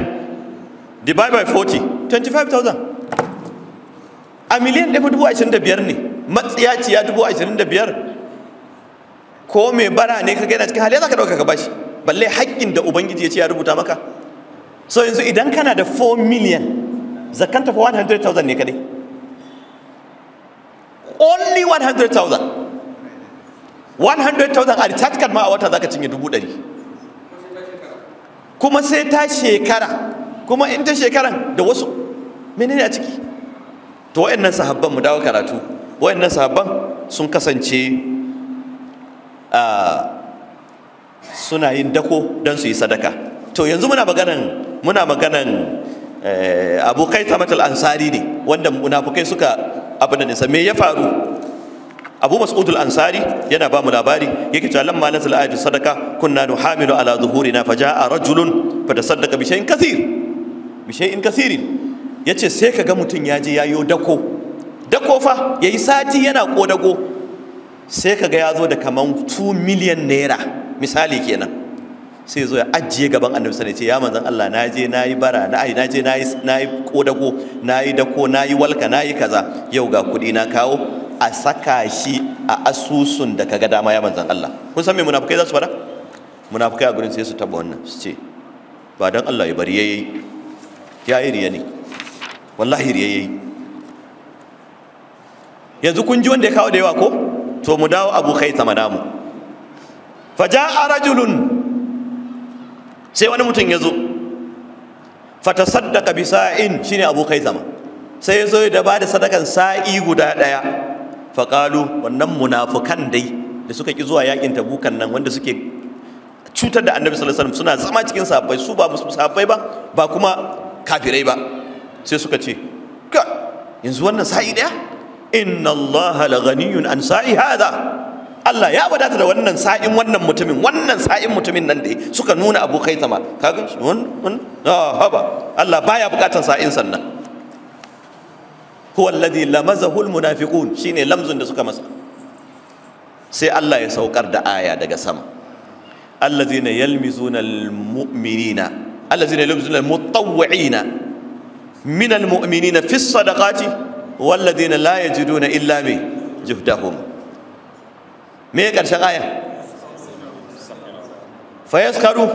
divide by 40 25,000 a miliyan ɗaya dubu ashirin da biyar ne matsiyaciya dubu ashirin da biyar ko mai bara ne ka gaina cikin hali za ka ɗauka ka bashi balle haƙƙin da ubangiji ya ce ya rubuta maka so yanzu idan kana da 4 million zakanta fa 100,000 ne kadai only 100,000 100,000 a recharge card ma a wata zaka cinye dubu dari. kuma sai ta shekara kuma in ta shekaran da wasu menene a ciki to wayannan sahabban mu dawo karatu wayannan sahabban sun kasance suna yin dako don su yi sadaka to yanzu muna maganan muna maganan eh, abokai tamatul ansari ne wanda munafukai suka abin da nisa me ya faru abu mas'udul ansari yana ba mu labari yake cewa lamma nazal ayatu sadaka kunna nuhamilu ala zuhurina faja'a rajulun tasaddaqa bi shay'in kathir bi shay'in kathirin yace sai kaga mutun yaje yayo dako dako fa yayi sati yana kodago sai kaga yazo da kaman 2 million naira misali kenan sai zo ya ajiye gaban annabi sai ce ya manzon Allah na je nayi bara na ai na je nayi nayi kodago nayi dako nayi walka nayi kaza yau ga kudi na kawo a saka shi a asusun da kaga dama ya manzan Allah kun san me munafukai za su fara munafukai a gurin sai su taba wannan su ce ba dan Allah ya bari yayi ya yi riya ne wallahi riya yayi yanzu kun ji wanda ya kawo da yawa ko to mu dawo Abu Khaythama namu faja'a rajulun sai wani mutum ya zo fatasaddaqa bi sa'in shine Abu sama sai ya zo da ba da sadakan sa'i guda daya faƙalu wannan munafukan dai da suka ƙi zuwa yakin tabukan nan wanda suke cutar da annabi sallallahu alaihi wasallam suna zama cikin sahabbai su ba sahabbai ba ba kuma kafirai ba sai suka ce ka yanzu wannan sa'i daya inna allaha laghaniyun an sa'i hada Allah ya wadata da wannan sa'in wannan mutumin wannan sa'in mutumin nan da suka nuna abokai zama kaga wannan ah, haba Allah baya bukatan sa'in sannan huwa alladhi lamazahu almunafiqun shine lamzun da suka masa sai Allah ya saukar da aya daga sama allazina yalmizuna almu'minina allazina yalmizuna almutawwi'ina min almu'minina fi sadaqati والذين لا يجدون إلا به جهدهم ما كرشن آية فيسكروا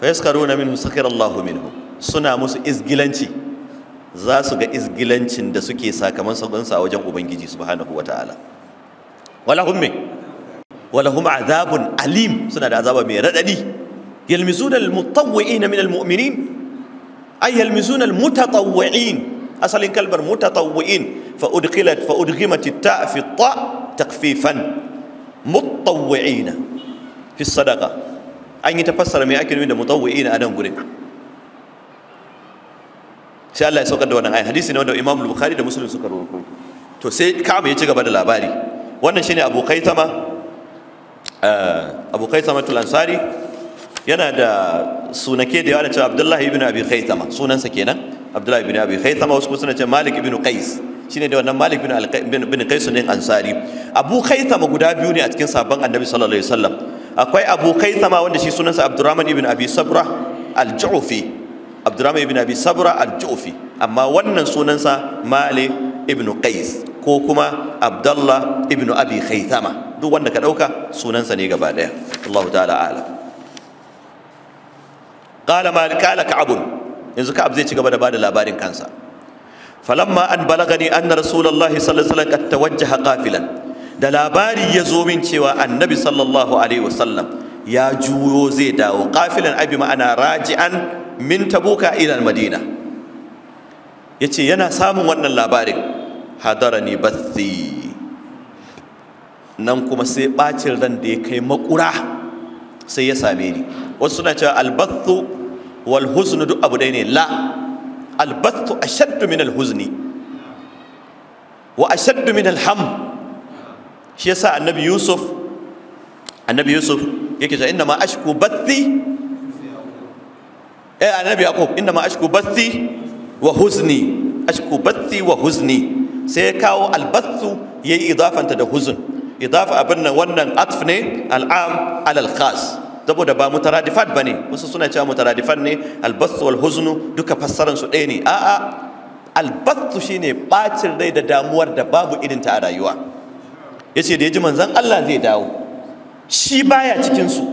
فيسكرون منهم سكر الله منهم suna musu izgilanci za su ga izgilancin da suke sakamakon sa a wajen ubangiji subhanahu wataala walahum me walahum azabun alim suna da azaba mai radadi yalmizuna almutawwi'ina min almu'minin ay yalmizuna almutatawwi'in asalin kalmar mutatawwi'in fa udkhilat fa udghimat at-ta' fi at-ta' takfifan mutawwi'ina fi sadaqa an yi tafassara me ake nufi da mutawwi'ina a nan gurin sai Allah ya saukar da wannan ayi. hadisi ne wanda Imam Bukhari da Muslim suka rawaito to sai Ka'ab ya ci gaba da labari wannan shine Abu Kaitama eh, Abu Kaitama tul ansari yana da sunake da yawa cewa Abdullahi ibn Abi kaitama sunansa kenan Abdullahi ibn Abi kaitama wasu suna ce Malik ibn Qais shine da wannan Malik bin Qais ne Ansari Abu Kaitama guda biyu ne a cikin sabon Annabi sallallahu alaihi wasallam akwai Abu Kaitama wanda shi sunansa Abdurrahman ibn Abi Sabra al-Ju'fi abdurrahman ibn abi sabra al-jufi amma wannan sunansa malik ibn qais ko kuma abdullah ibn abi khaythama duk wanda ka dauka sunansa ne gaba daya Allah ta'ala a'lam qala malik qala ka'ab yanzu ka'ab zai ci gaba da bada labarin kansa falamma an balagani anna rasulullahi sallallahu alaihi wasallam qad tawajjaha qafilan da labari ya zo min cewa annabi sallallahu alaihi wasallam ya juyo zai dawo qafilan abi ma'ana raji'an min tabuka ila madina yace yana samun wannan labarin hadarani bathi nan kuma sai bacin ran da ya kai makura sai ya same ni wasu suna cewa albathu wal huznu duk abu dai ne la albathu ashaddu min al wa ashaddu min al ham shi yasa annabi yusuf annabi yusuf yake cewa inna ma ashku bathi eh annabi yaqub inna ma ashku bathi wa huzni ashku bathi wa huzni sai ya kawo albathu yayi idafanta da huzun idafa abin nan wannan atf ne al'am alal khas saboda ba mutaradifat bane wasu suna cewa mutaradifat ne albathu wal huznu duka fassaran su ɗaya ne a'a albathu shine bacin rai da damuwar da babu irin ta a rayuwa yace da yaji manzon Allah zai dawo shi baya cikin su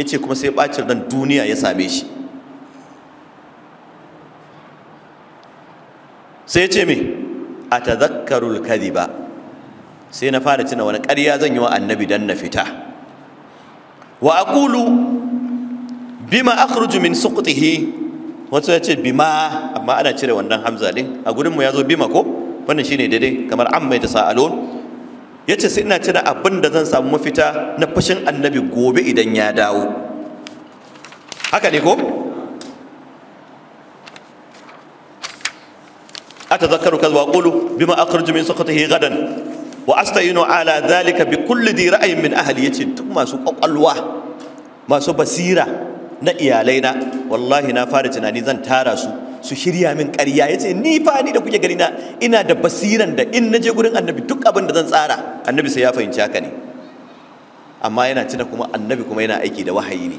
yace kuma sai bacin ran duniya ya same shi sai ce me tazakkarul ba sai na fara tuna wani karya zan yi wa annabi dan na fita wa aqulu bima akhruju min suqtihi wato ya ce bima amma ana cire wannan hamza din a gurin mu ya zo bima ko wannan shine daidai kamar an mai tasaalun ya ce sai ina cire abin da zan samu mafita na fashin annabi gobe idan ya dawo haka ne ko Ata Zakar waƙulu bi ma'aikatar jiminsa katse hega dan. Wa'asta inu ala zali kabi kulle da ra'ayin min ahali ya ce, duk masu ƙwaƙwalwa, masu basira na iyalaina. Wallahi na fara tunani zan tara su, su shirya min karya. Ya ce ni fa ni da kuke gani na? Ina da basiran da in na je gurin Annabi duk abinda zan tsara. Annabi sai ya fahimci haka ne. Amma yana cire kuma Annabi kuma yana aiki da wahayi ne.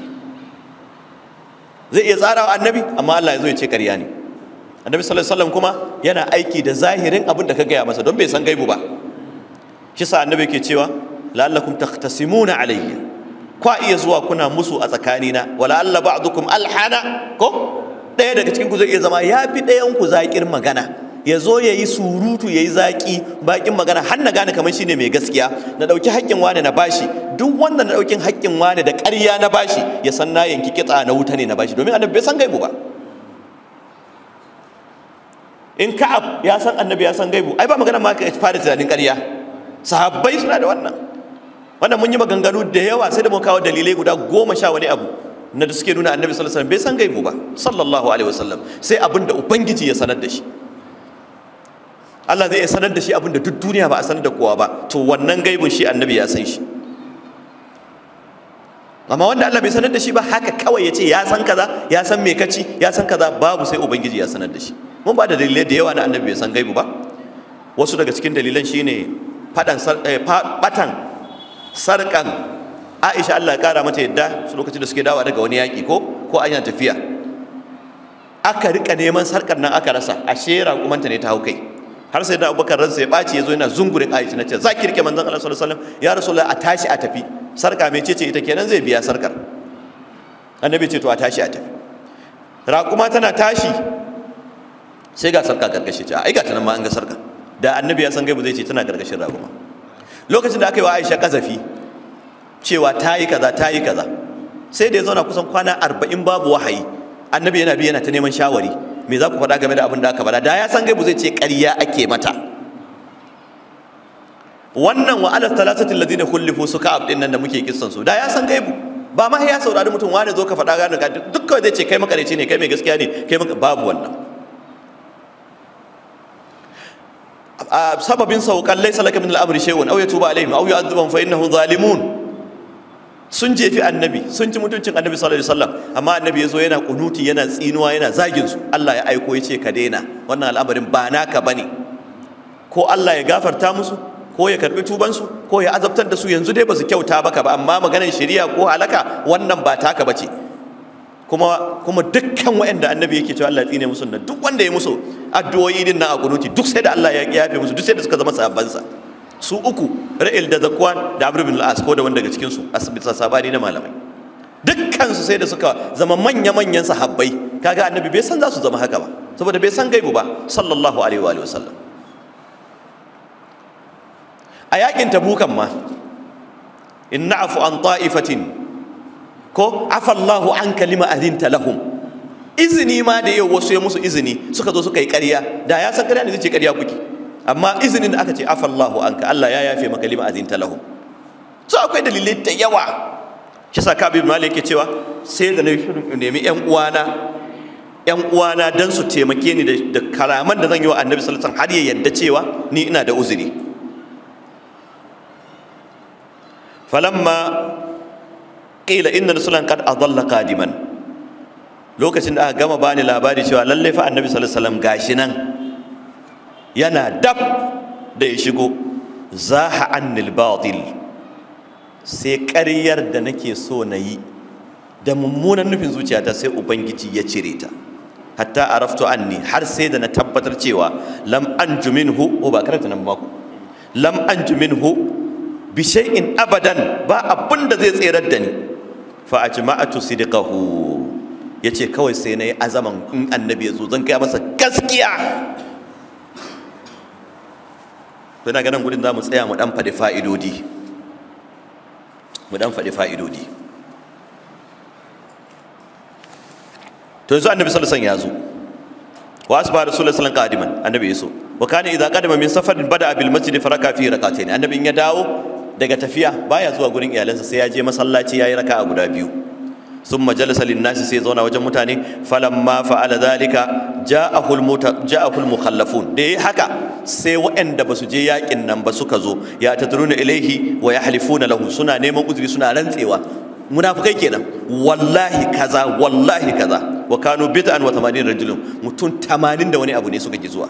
Zai iya tsarawa Annabi? Amma Allah ya zo ya ce karya ne annabi sallallahu alaihi kuma yana aiki da zahirin abin da ka gaya masa don bai san gaibu ba shi sa annabi ke cewa la'allakum taqtasimuna alayya kwa iya zuwa kuna musu a tsakanina wala alla ba'dukum alhana ko ɗaya daga cikin ku zai iya zama ya fi ɗayan ku zaƙin magana ya zo ya yi surutu ya yi zaƙi baƙin magana har na gane kamar shine mai gaskiya na ɗauki haƙƙin wani na bashi duk wanda na ɗaukin haƙƙin wane da ƙarya na bashi ya san na yanki kitsa na wuta ne na bashi domin annabi bai san gaibu ba in ka'ab ya san annabi ya san gaibu ai ba magana ma ka fara tunanin ƙarya sahabbai suna da wannan wannan mun yi maganganu da yawa sai da mun kawo dalilai guda goma sha wani abu na da suke nuna annabi sallallahu alaihi wasallam bai san gaibu ba sallallahu alaihi wasallam sai abin da ubangiji ya sanar da shi Allah zai sanar da shi abin da duk duniya ba a sanar da kowa ba to wannan gaibun shi annabi ya san shi amma wanda Allah bai sanar da shi ba haka kawai ya ce ya san kaza ya san me kaci ya san kaza babu sai ubangiji ya sanar da shi mun ba da dalilai da yawa na annabi bai san gaibu ba wasu daga cikin dalilan shine fadan eh, batan sarkan Aisha Allah ya kara mata yadda su lokacin da suke dawa daga wani yaki ko ko anya tafiya aka rika neman sarkan nan aka rasa A shera, kumanta ne ta hau kai har sai da Abubakar ransa ya ɓaci ya zo yana zungurin Aisha na ce za ki rike manzon Allah sallallahu alaihi wasallam ya rasulullahi a tashi a tafi sarka mai ce ita kenan zai biya sarkar annabi ce to a tashi a tafi raƙuma tana tashi sai ga sarka karkashi ta ai ga ta nan ma an ga sarka da annabi ya san gaibu zai ce tana gargashin raƙuma lokacin da aka yi wa Aisha kazafi cewa ta yi kaza ta yi kaza sai da ya zauna kusan kwana arba'in babu wahayi annabi yana bi yana ta neman shawari me za ku faɗa game da abin da aka faɗa da ya san gaibu zai ce ƙarya ake mata wannan wa ala talatati alladhina kullifu su ka'ab din nan da muke kissan su da ya san gaibu ba ma ya saurari mutum wani zo ka faɗa gano ga duk kawai zai ce kai makareci ne kai mai gaskiya ne kai maka babu wannan A sababin saukan laisa laka min al'amri shay'un aw yatuba alaihim aw yu'adhibuhum fa innahum zalimun sun jefi annabi sun ci mutuncin annabi sallallahu alaihi wasallam amma annabi yazo yana kunuti yana tsinuwa yana zagin su Allah ya aiko yace ka daina wannan al'amarin ba naka bane ko Allah ya gafarta musu ko ya karbi tubansu ko ya azabtar da su yanzu dai ba su kyauta baka ba amma maganar shari'a ko halaka wannan ba taka bace kuma kuma dukkan wa'anda annabi yake cewa Allah tsine musu duk wanda ya musu addu'o'i din na a kunuti duk sai da Allah ya yafe musu duk sai da suka zama sa su uku ra'il da zakwan da amr bin al-as ko da wanda daga cikin su asbita sabani na malamai dukkan su sai da suka zama manya manyan sahabbai kaga annabi bai san za su zama haka ba saboda bai san gaibu ba sallallahu alaihi wa sallam a yakin tabukan ma in na'afu an ta'ifatin ko afallahu an kalima adinta lahum izini ma da yau wasu ya musu izini suka zo suka yi ƙarya da ya san ƙarya ne zai ce ƙarya kuke amma izinin da aka ce afallahu ka Allah ya yafe maka lima azin lahum. so akwai dalilai da yawa shi sa ka malik yake cewa sai da na nemi yan uwana 'yan uwana dan su taimake ni da karaman da zan yi wa annabi sallallahu alaihi wasallam har ya yarda cewa ni ina da uzuri فلما قيل ان rasulan قد اضل قادما lokacin da aka gama bani labari cewa lalle fa yana dab da ya shigo zaha annil batil sai ƙaryar da nake so na yi da mummunan nufin zuciyata sai ubangiji ya cire ta hatta araftu anni har sai da na tabbatar cewa lam anju minhu oh, ba karanta bishayin abadan ba abin da zai tserar da ni fa ajma'atu ya yace kawai sai na yi azaman in annabi zo zan kai masa gaskiya to ganin gudun mu tsaya mu dan fa'idodi mu dan faɗi fa'idodi to yanzu annabi sallallahu alaihi wasallam ya zo wa asba rasulullahi sallallahu alaihi wasallam qadiman annabi yaso wa kana idza qadama min safarin bada bil masjid faraka fi rak'atayn annabi in ya dawo daga tafiya baya zuwa gurin iyalansa sai ya je masallaci yayi a guda biyu sun jalasa linnasi sai zauna wajen mutane ma fa'ala zalika ja a ja'ahul kallafun. da yayi haka sai waɗanda basu je yakin nan ba suka zo ya tadruna ilaihi wa na lahu suna neman uzuri suna rantsewa munafikai kenan wallahi kaza wallahi kaza wa kanu bid'an wa 80 rajulun mutum tamanin da wani abu ne suka ji zuwa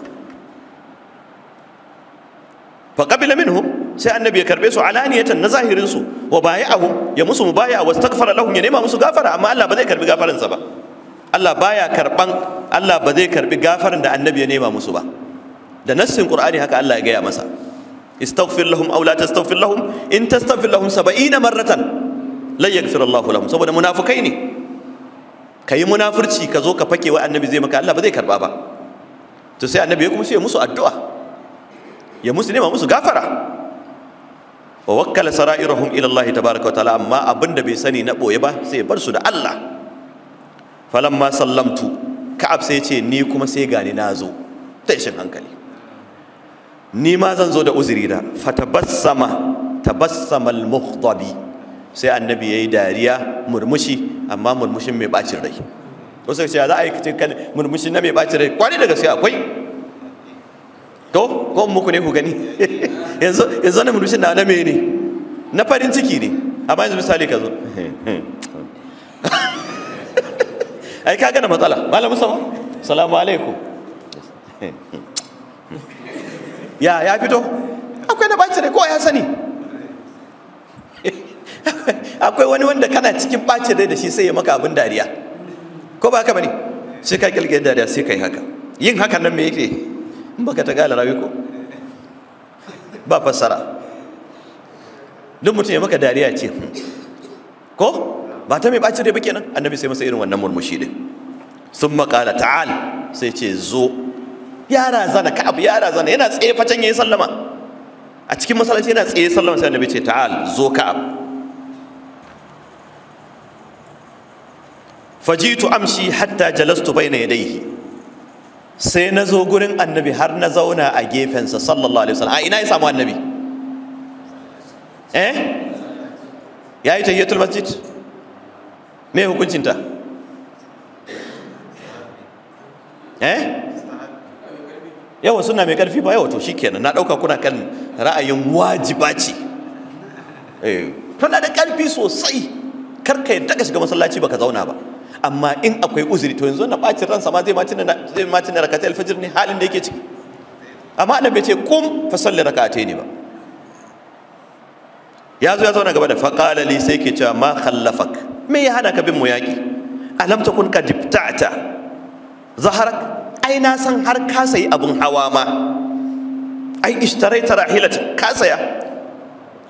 fa min minhum sai annabi ya karbe su alaniyatan na zahirin su wa bayahu ya musu wa wastaghfara lahum ya nema musu gafara amma Allah ba zai karbi gafaran sa ba Allah baya karban Allah ba zai karbi gafaran da annabi ya nema musu ba da nassin qur'ani haka Allah ya gaya masa istaghfir lahum aw la tastaghfir lahum in tastaghfir lahum 70 marratan la yaghfir Allah lahum saboda munafikai ne kai munafurci ka zo ka fake wa annabi zai maka Allah ba zai karba ba to sai annabi ya kuma sai musu addu'a ya musu nema musu gafara wa wakkala sara'irahum ila Allah tabaaraka wa ta'ala amma abinda bai sani na boye ba sai ya bar su da Allah falamma sallamtu ka'ab sai ce ni kuma sai gani na zo ishin hankali ni ma zan zo da uzuri da fatabassama tabassama al-mughdabi sai annabi yayi dariya murmushi amma murmushin mai bacin rai wasu ce za a yi murmushi na mai bacin rai kwani da gaske akwai to ko muku ne ku gani yanzu yanzu na murmushin na na mene na farin ciki ne amma yanzu misali ka zo ai ka gana matsala malam musamman salamu alaikum ya ya fito akwai na bacin rai kowa ya sani akwai wani wanda kana cikin bacin rai da shi sai ya maka abin dariya ko ba haka bane sai ka kirkir dariya sai ka yi haka yin hakan nan me yake baka ta gala rawiko ko ba fassara duk mutum ya maka dariya ce hmm, ko ba ta mai ɓaci dai ba nan? annabi sai masa irin wannan murmushi din sun makala ta'al sai ce zo yara zana ka abu yara zana yana tsaye facen yi sallama a cikin masallaci yana tsaye sallama sai annabi ce ta'al zo ka abu fajitu amshi hatta jalastu bayna yadayhi sai na zo gurin annabi har na zauna a gefensa sallallahu alaihi wasallam a ina ya samu annabi eh ya yi tayyatul masjid me hukuncinta eh yawa suna mai karfi ba yawa to shikenan na dauka kuna kan ra'ayin wajiba ce eh tana da karfi sosai kar ka yadda ka shiga masallaci baka zauna ba amma in akwai uzuri to yanzu na bacin ransa ma zai macin zai rakata alfajir ne halin da yake ciki amma annabi ce kum fa salli ne ba ya zo ya zauna gaba da faqala li sai ke cewa ma khallafak me ya hana ka bin mu yaki alam takun ka dibta'ta zaharak ai na san har ka sayi abun hawa ma ai ishtaraita rahilata ka saya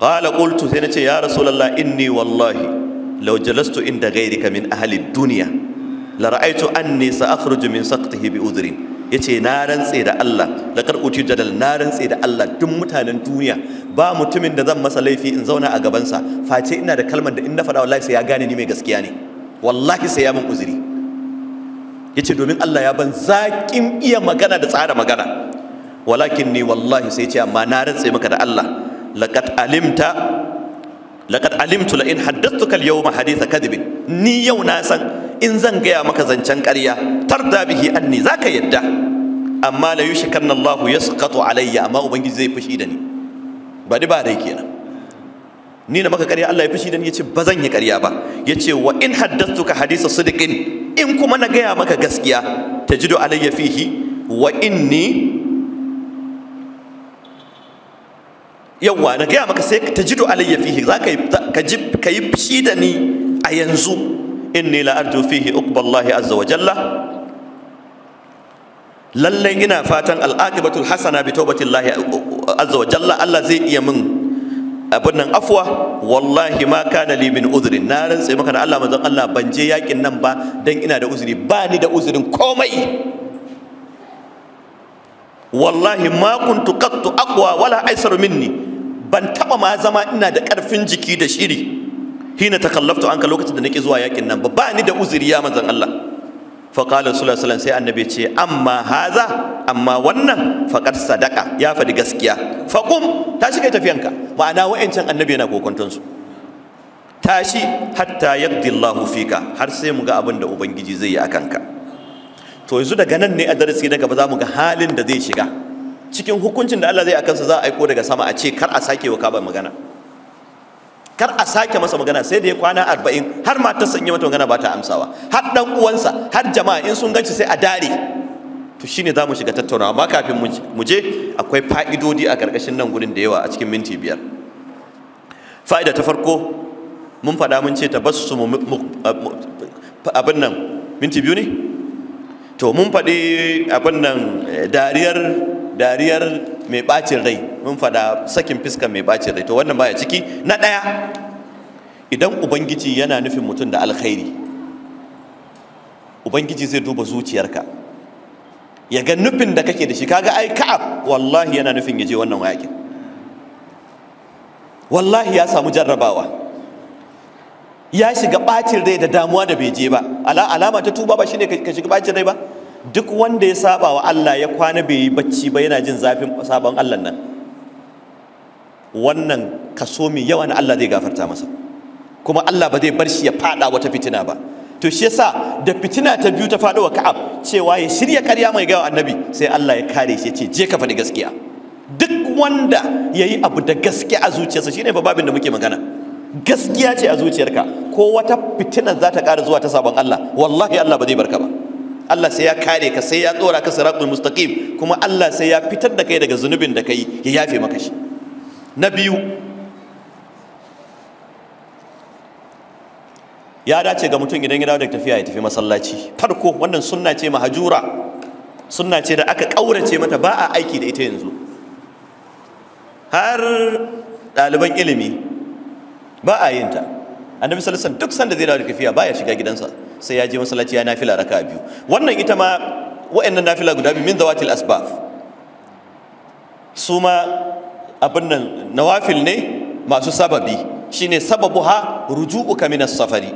qala qultu sai nace ya rasulullah inni wallahi law jalastu inda ghayrika min ahli dunya la ra'aytu anni sa'akhruju min saqtihi yace na rantse da Allah laqad uti jadal na rantse da Allah duk mutanen duniya ba mutumin da zan masa laifi in zauna a gaban sa face ina da kalmar da in na faɗa wallahi sai ya gane ni mai gaskiya ne wallahi sai ya min uzuri yace domin Allah ya ban zaƙin iya magana da tsara magana walakin ni wallahi sai ce amma na rantse maka da Allah laqad alimta Laƙar alimtu la in haddathtuka al-yawma haditha kadibin, ni yau na san in zan gaya maka zancen ƙarya tar da bihi za ka yadda amma la yushkanna ya yasqatu alayya amma ubangiji zai fushi da ni ba ni ba dai kenan ni na maka ƙarya Allah ya fushi da ni ce ba zan yi ƙarya ba ce wa in haddathtuka hadisa sidikin in kuma na gaya maka gaskiya ta jido alayya fihi wa ni? yawwa na gaya maka sai ta jidu alayya fihi za ka ji ka yi fushi da ni a yanzu inni la arju fihi uqballahi azza wa jalla lallai ina fatan al'aqibatul hasana bi tawbatillahi azza wa jalla Allah zai iya min abin nan afuwa wallahi ma kana li min udhri na rantse maka da Allah manzon Allah ban je yakin nan ba dan ina da uzuri ba ni da uzurin komai wallahi ma kuntu qattu aqwa wala aisaru minni ban taba ma zama ina da karfin jiki da shiri hina takallaftu anka lokacin da nake zuwa yakin nan ba ni da uzuri ya manzan Allah fa qala sallallahu alaihi sai annabi ya ce amma haza amma wannan faqad sadaka ya fadi gaskiya fa qum tashi kai tafiyanka ma'ana wa'ancan annabi yana kokonton su tashi hatta yaqdi Allahu fika har sai mu ga abin da ubangiji zai yi akanka to yanzu daga nan ne a darasi na gaba za mu ga halin da zai shiga cikin hukuncin da Allah zai sa za a aiko daga sama a ce kar a sake wa kaba magana kar a sake masa magana sai da ya kwana arba'in har ma ta sanya mata magana ba ta amsawa har dan uwansa har jama'a in sun ganci sai a dare to shine za mu shiga tattaunawa amma kafin mu je akwai fa'idodi a karkashin nan gurin da yawa a cikin minti biyar fa'ida ta farko mun faɗa mun ce tabassumu abin nan minti biyu ne to mun faɗi abin nan eh, dariyar dariyar mai ɓacin rai mun faɗa sakin fiska mai ɓacin rai to wannan baya ciki na ɗaya idan ubangiji yana nufin mutum da alkhairi ubangiji zai duba zuciyarka ya ga nufin da kake da shi kaga ai ka'ab wallahi yana nufin ya je wannan wayakin wallahi ya samu jarrabawa ya shiga bacin rai da damuwa da bai je ba alama ta tuba ba shine ka shiga bacin rai ba duk wanda ya saba wa Allah ya kwana bai yi bacci ba yana jin zafin sabon Allah nan wannan kaso mai yawa na Allah zai gafarta masa kuma Allah ba zai bar shi ya fada wata fitina ba to shi yasa da fitina ta biyu ta fado wa Ka'ab cewa ya shirya karya mai gawa annabi sai Allah ya kare shi ya ce je ka faɗi gaskiya duk wanda yayi abu da gaskiya a zuciyarsa shine babin da muke magana gaskiya ce a zuciyarka ko wata fitinar za ta ƙara zuwa ta sabon Allah wallahi Allah ba zai barka ba Allah sai ya kare ka sai ya tsora ka siratul mustaqim kuma Allah sai ya fitar da kai daga zunubin da kai ya yafe maka shi na biyu ya dace ga mutum idan ya dawo daga tafiya ya tafi masallaci farko wannan sunna ce mahajura sunna ce da aka ƙaurace mata ba a aiki da ita yanzu har ɗaliban ilimi ba a yin ta annabi sallallahu alaihi duk sanda zai dawo da kafiya baya shiga gidansa sai ya je masallaci ya nafila raka'a biyu wannan ita ma wa'annan nafila guda biyu min zawatil asbab suma abin nan nawafil ne masu sababi shine sababu ha ka min safari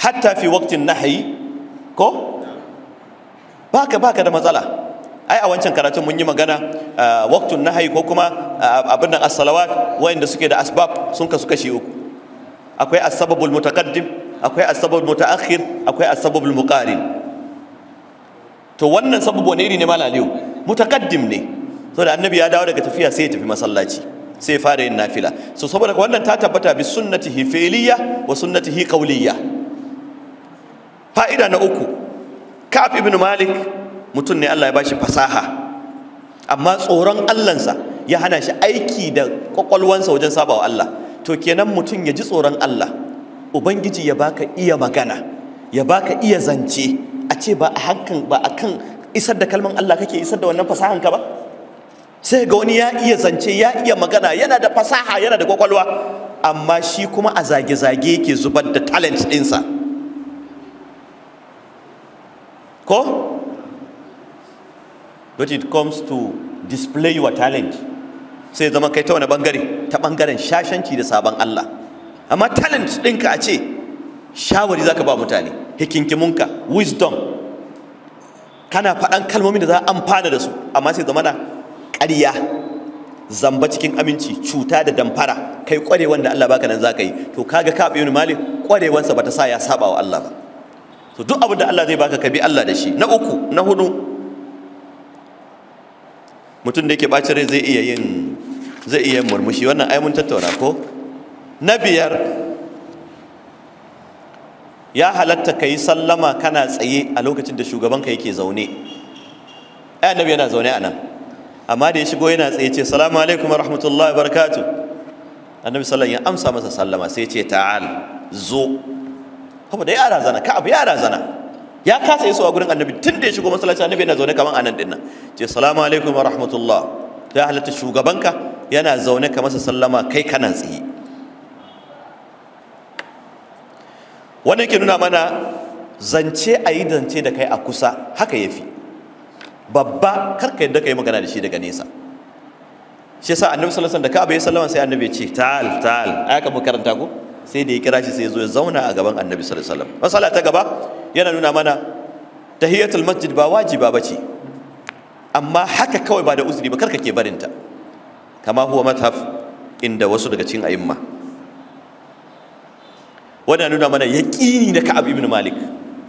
hatta fi waqtin nahyi ko baka baka da matsala ai a wancan karatun mun yi magana ah, waktun nahayi ko kuma ah, abin nan as-salawat wayanda suke da asbab sun kasu kashi uku akwai as-sababul mutaqaddim akwai as sabab mutaakhir akwai as-sababul muqarin to wannan sababu wani iri ne malaliyo mutaqaddim ne saboda annabi ya dawo daga tafiya sai ya tafi masallaci sai ya fara yin nafila so saboda wannan ta tabbata bi sunnatihi fi'liya wa sunnatihi qawliya fa'ida na uku ka'ab ibn malik mutum ne Allah ya bashi fasaha amma tsoron Allahnsa ya hana shi aiki da kwakwalwansa wajen sabawa Allah to kenan mutum ya ji tsoron Allah ubangiji ya baka iya magana ya baka iya zance a ce ba a hankan ba a kan isar da kalman Allah kake isar da wannan fasahan ka ba sai ga wani ya iya zance ya iya magana yana da fasaha yana da kwakwalwa amma shi kuma a zage-zage yake zubar da talent ɗinsa ko when it comes to display your talent sai zama kai ta wani bangare ta bangaren shashanci da sabon Allah amma talent ɗinka a ce shawari zaka ba mutane hikinkimunka wisdom kana faɗan kalmomin da za a amfana da su amma sai zama na ƙarya zamba cikin aminci cuta da damfara kai ƙwarewan da Allah baka nan zaka yi to kaga ka mali, malik ba bata sa ya saba wa Allah ba to duk abin da Allah zai baka ka bi Allah da shi na uku na hudu mutum da yake ɓacin rai zai iya yin zai iya murmushi wannan ai mun tattauna ko na biyar ya halatta ka yi sallama kana tsaye a lokacin da shugabanka yake zaune ai annabi yana zaune a nan amma da ya shigo yana tsaye ce salamu alaikum wa rahmatullahi wa barakatu annabi wasallam ya amsa masa sallama sai ce ta'al zo kuma da ya razana ka abu ya razana ya kasa yaso a gurin annabi tun da ya shigo masallaci annabi yana zaune kaman anan dinnan ce salamu alaikum wa rahmatullah ya halatta shugabanka yana zaune ka masa sallama kai kana tsaye Wani ke nuna mana zance a yi zance da kai a kusa haka ya fi babba karka yadda ka yi magana da shi daga nesa shi yasa annabi sallallahu alaihi wasallam da ka abai sallama sai annabi ya ce tal tal aka mu karanta ko sai da ya kira shi sai ya zo ya zauna a gaban annabi sallallahu alaihi wasallam masala ta gaba yana nuna mana tahiyatul masjid ba wajiba bace amma haka kawai ba da uzuri ba karka ke barinta kama huwa mathaf inda wasu daga cikin ayyuma wannan nuna mana yaqini na Ka'ab ibn Malik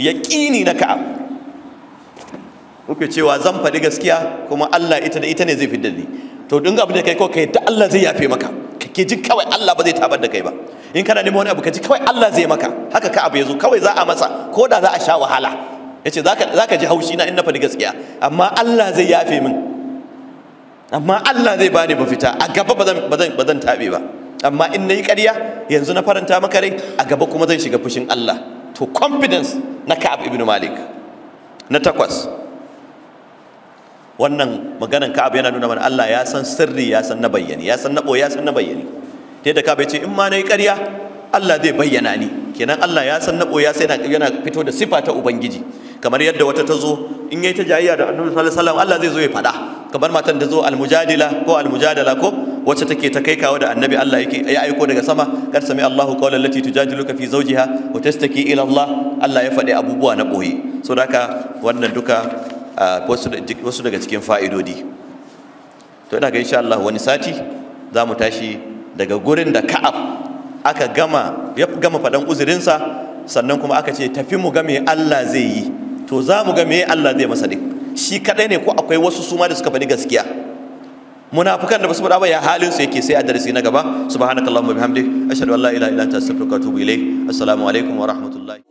yaqini na Ka'ab kuke cewa zan faɗi gaskiya kuma Allah ita da ita ne zai fidda ni to dinga abin da kai ko kai ta Allah zai yafe maka ke jin kawai Allah ba zai tabar da kai ba in kana neman wani abu ka ji kawai Allah zai maka haka ka abu ya zo kawai za a masa ko da za a sha wahala ya ce za ka ji haushi na in na faɗi gaskiya amma Allah zai yafe min amma Allah zai bani mafita a gaba ba zan taɓe ba amma in na yi ƙarya yanzu na faranta maka rai a gaba kuma zan shiga fushin Allah to confidence na Ka'ab ibn Malik na takwas wannan maganan Ka'ab yana nuna mana Allah ya san sirri ya san na bayyane ya san na ya san na bayyane ta yadda Ka'ab ya ce in ma nayi ƙarya Allah zai bayyana ni kenan Allah ya san na ya san yana fito da sifa ta ubangiji kamar yadda wata ta zo in yayi ta jayayya da Annabi sallallahu alaihi wasallam Allah zai zo ya faɗa kamar matan da zo almujadila ko almujadala ko wacce take ta kai kawo da annabi Allah yake ya aiko daga sama kar sami Allahu qawlan lati tujadiluka fi zawjiha wa tastaki ila Allah Allah ya faɗi abubuwa na boye so haka wannan duka Ah, wasu daga cikin fa'idodi to ina ga insha Allah wani sati za mu tashi daga gurin da Ka'ab aka gama ya gama faɗan uzurinsa sannan kuma aka ce tafi mu ga me Allah zai yi to za mu ga me Allah zai masa din shi kaɗai ne ko akwai wasu suma da suka faɗi gaskiya Munafukan da basu faɗa ba ya halin su yake sai a darasi na gaba subhanakallahumma bihamdik ashhadu an la ilaha illa anta astaghfiruka wa atubu ilaik assalamu alaikum wa rahmatullahi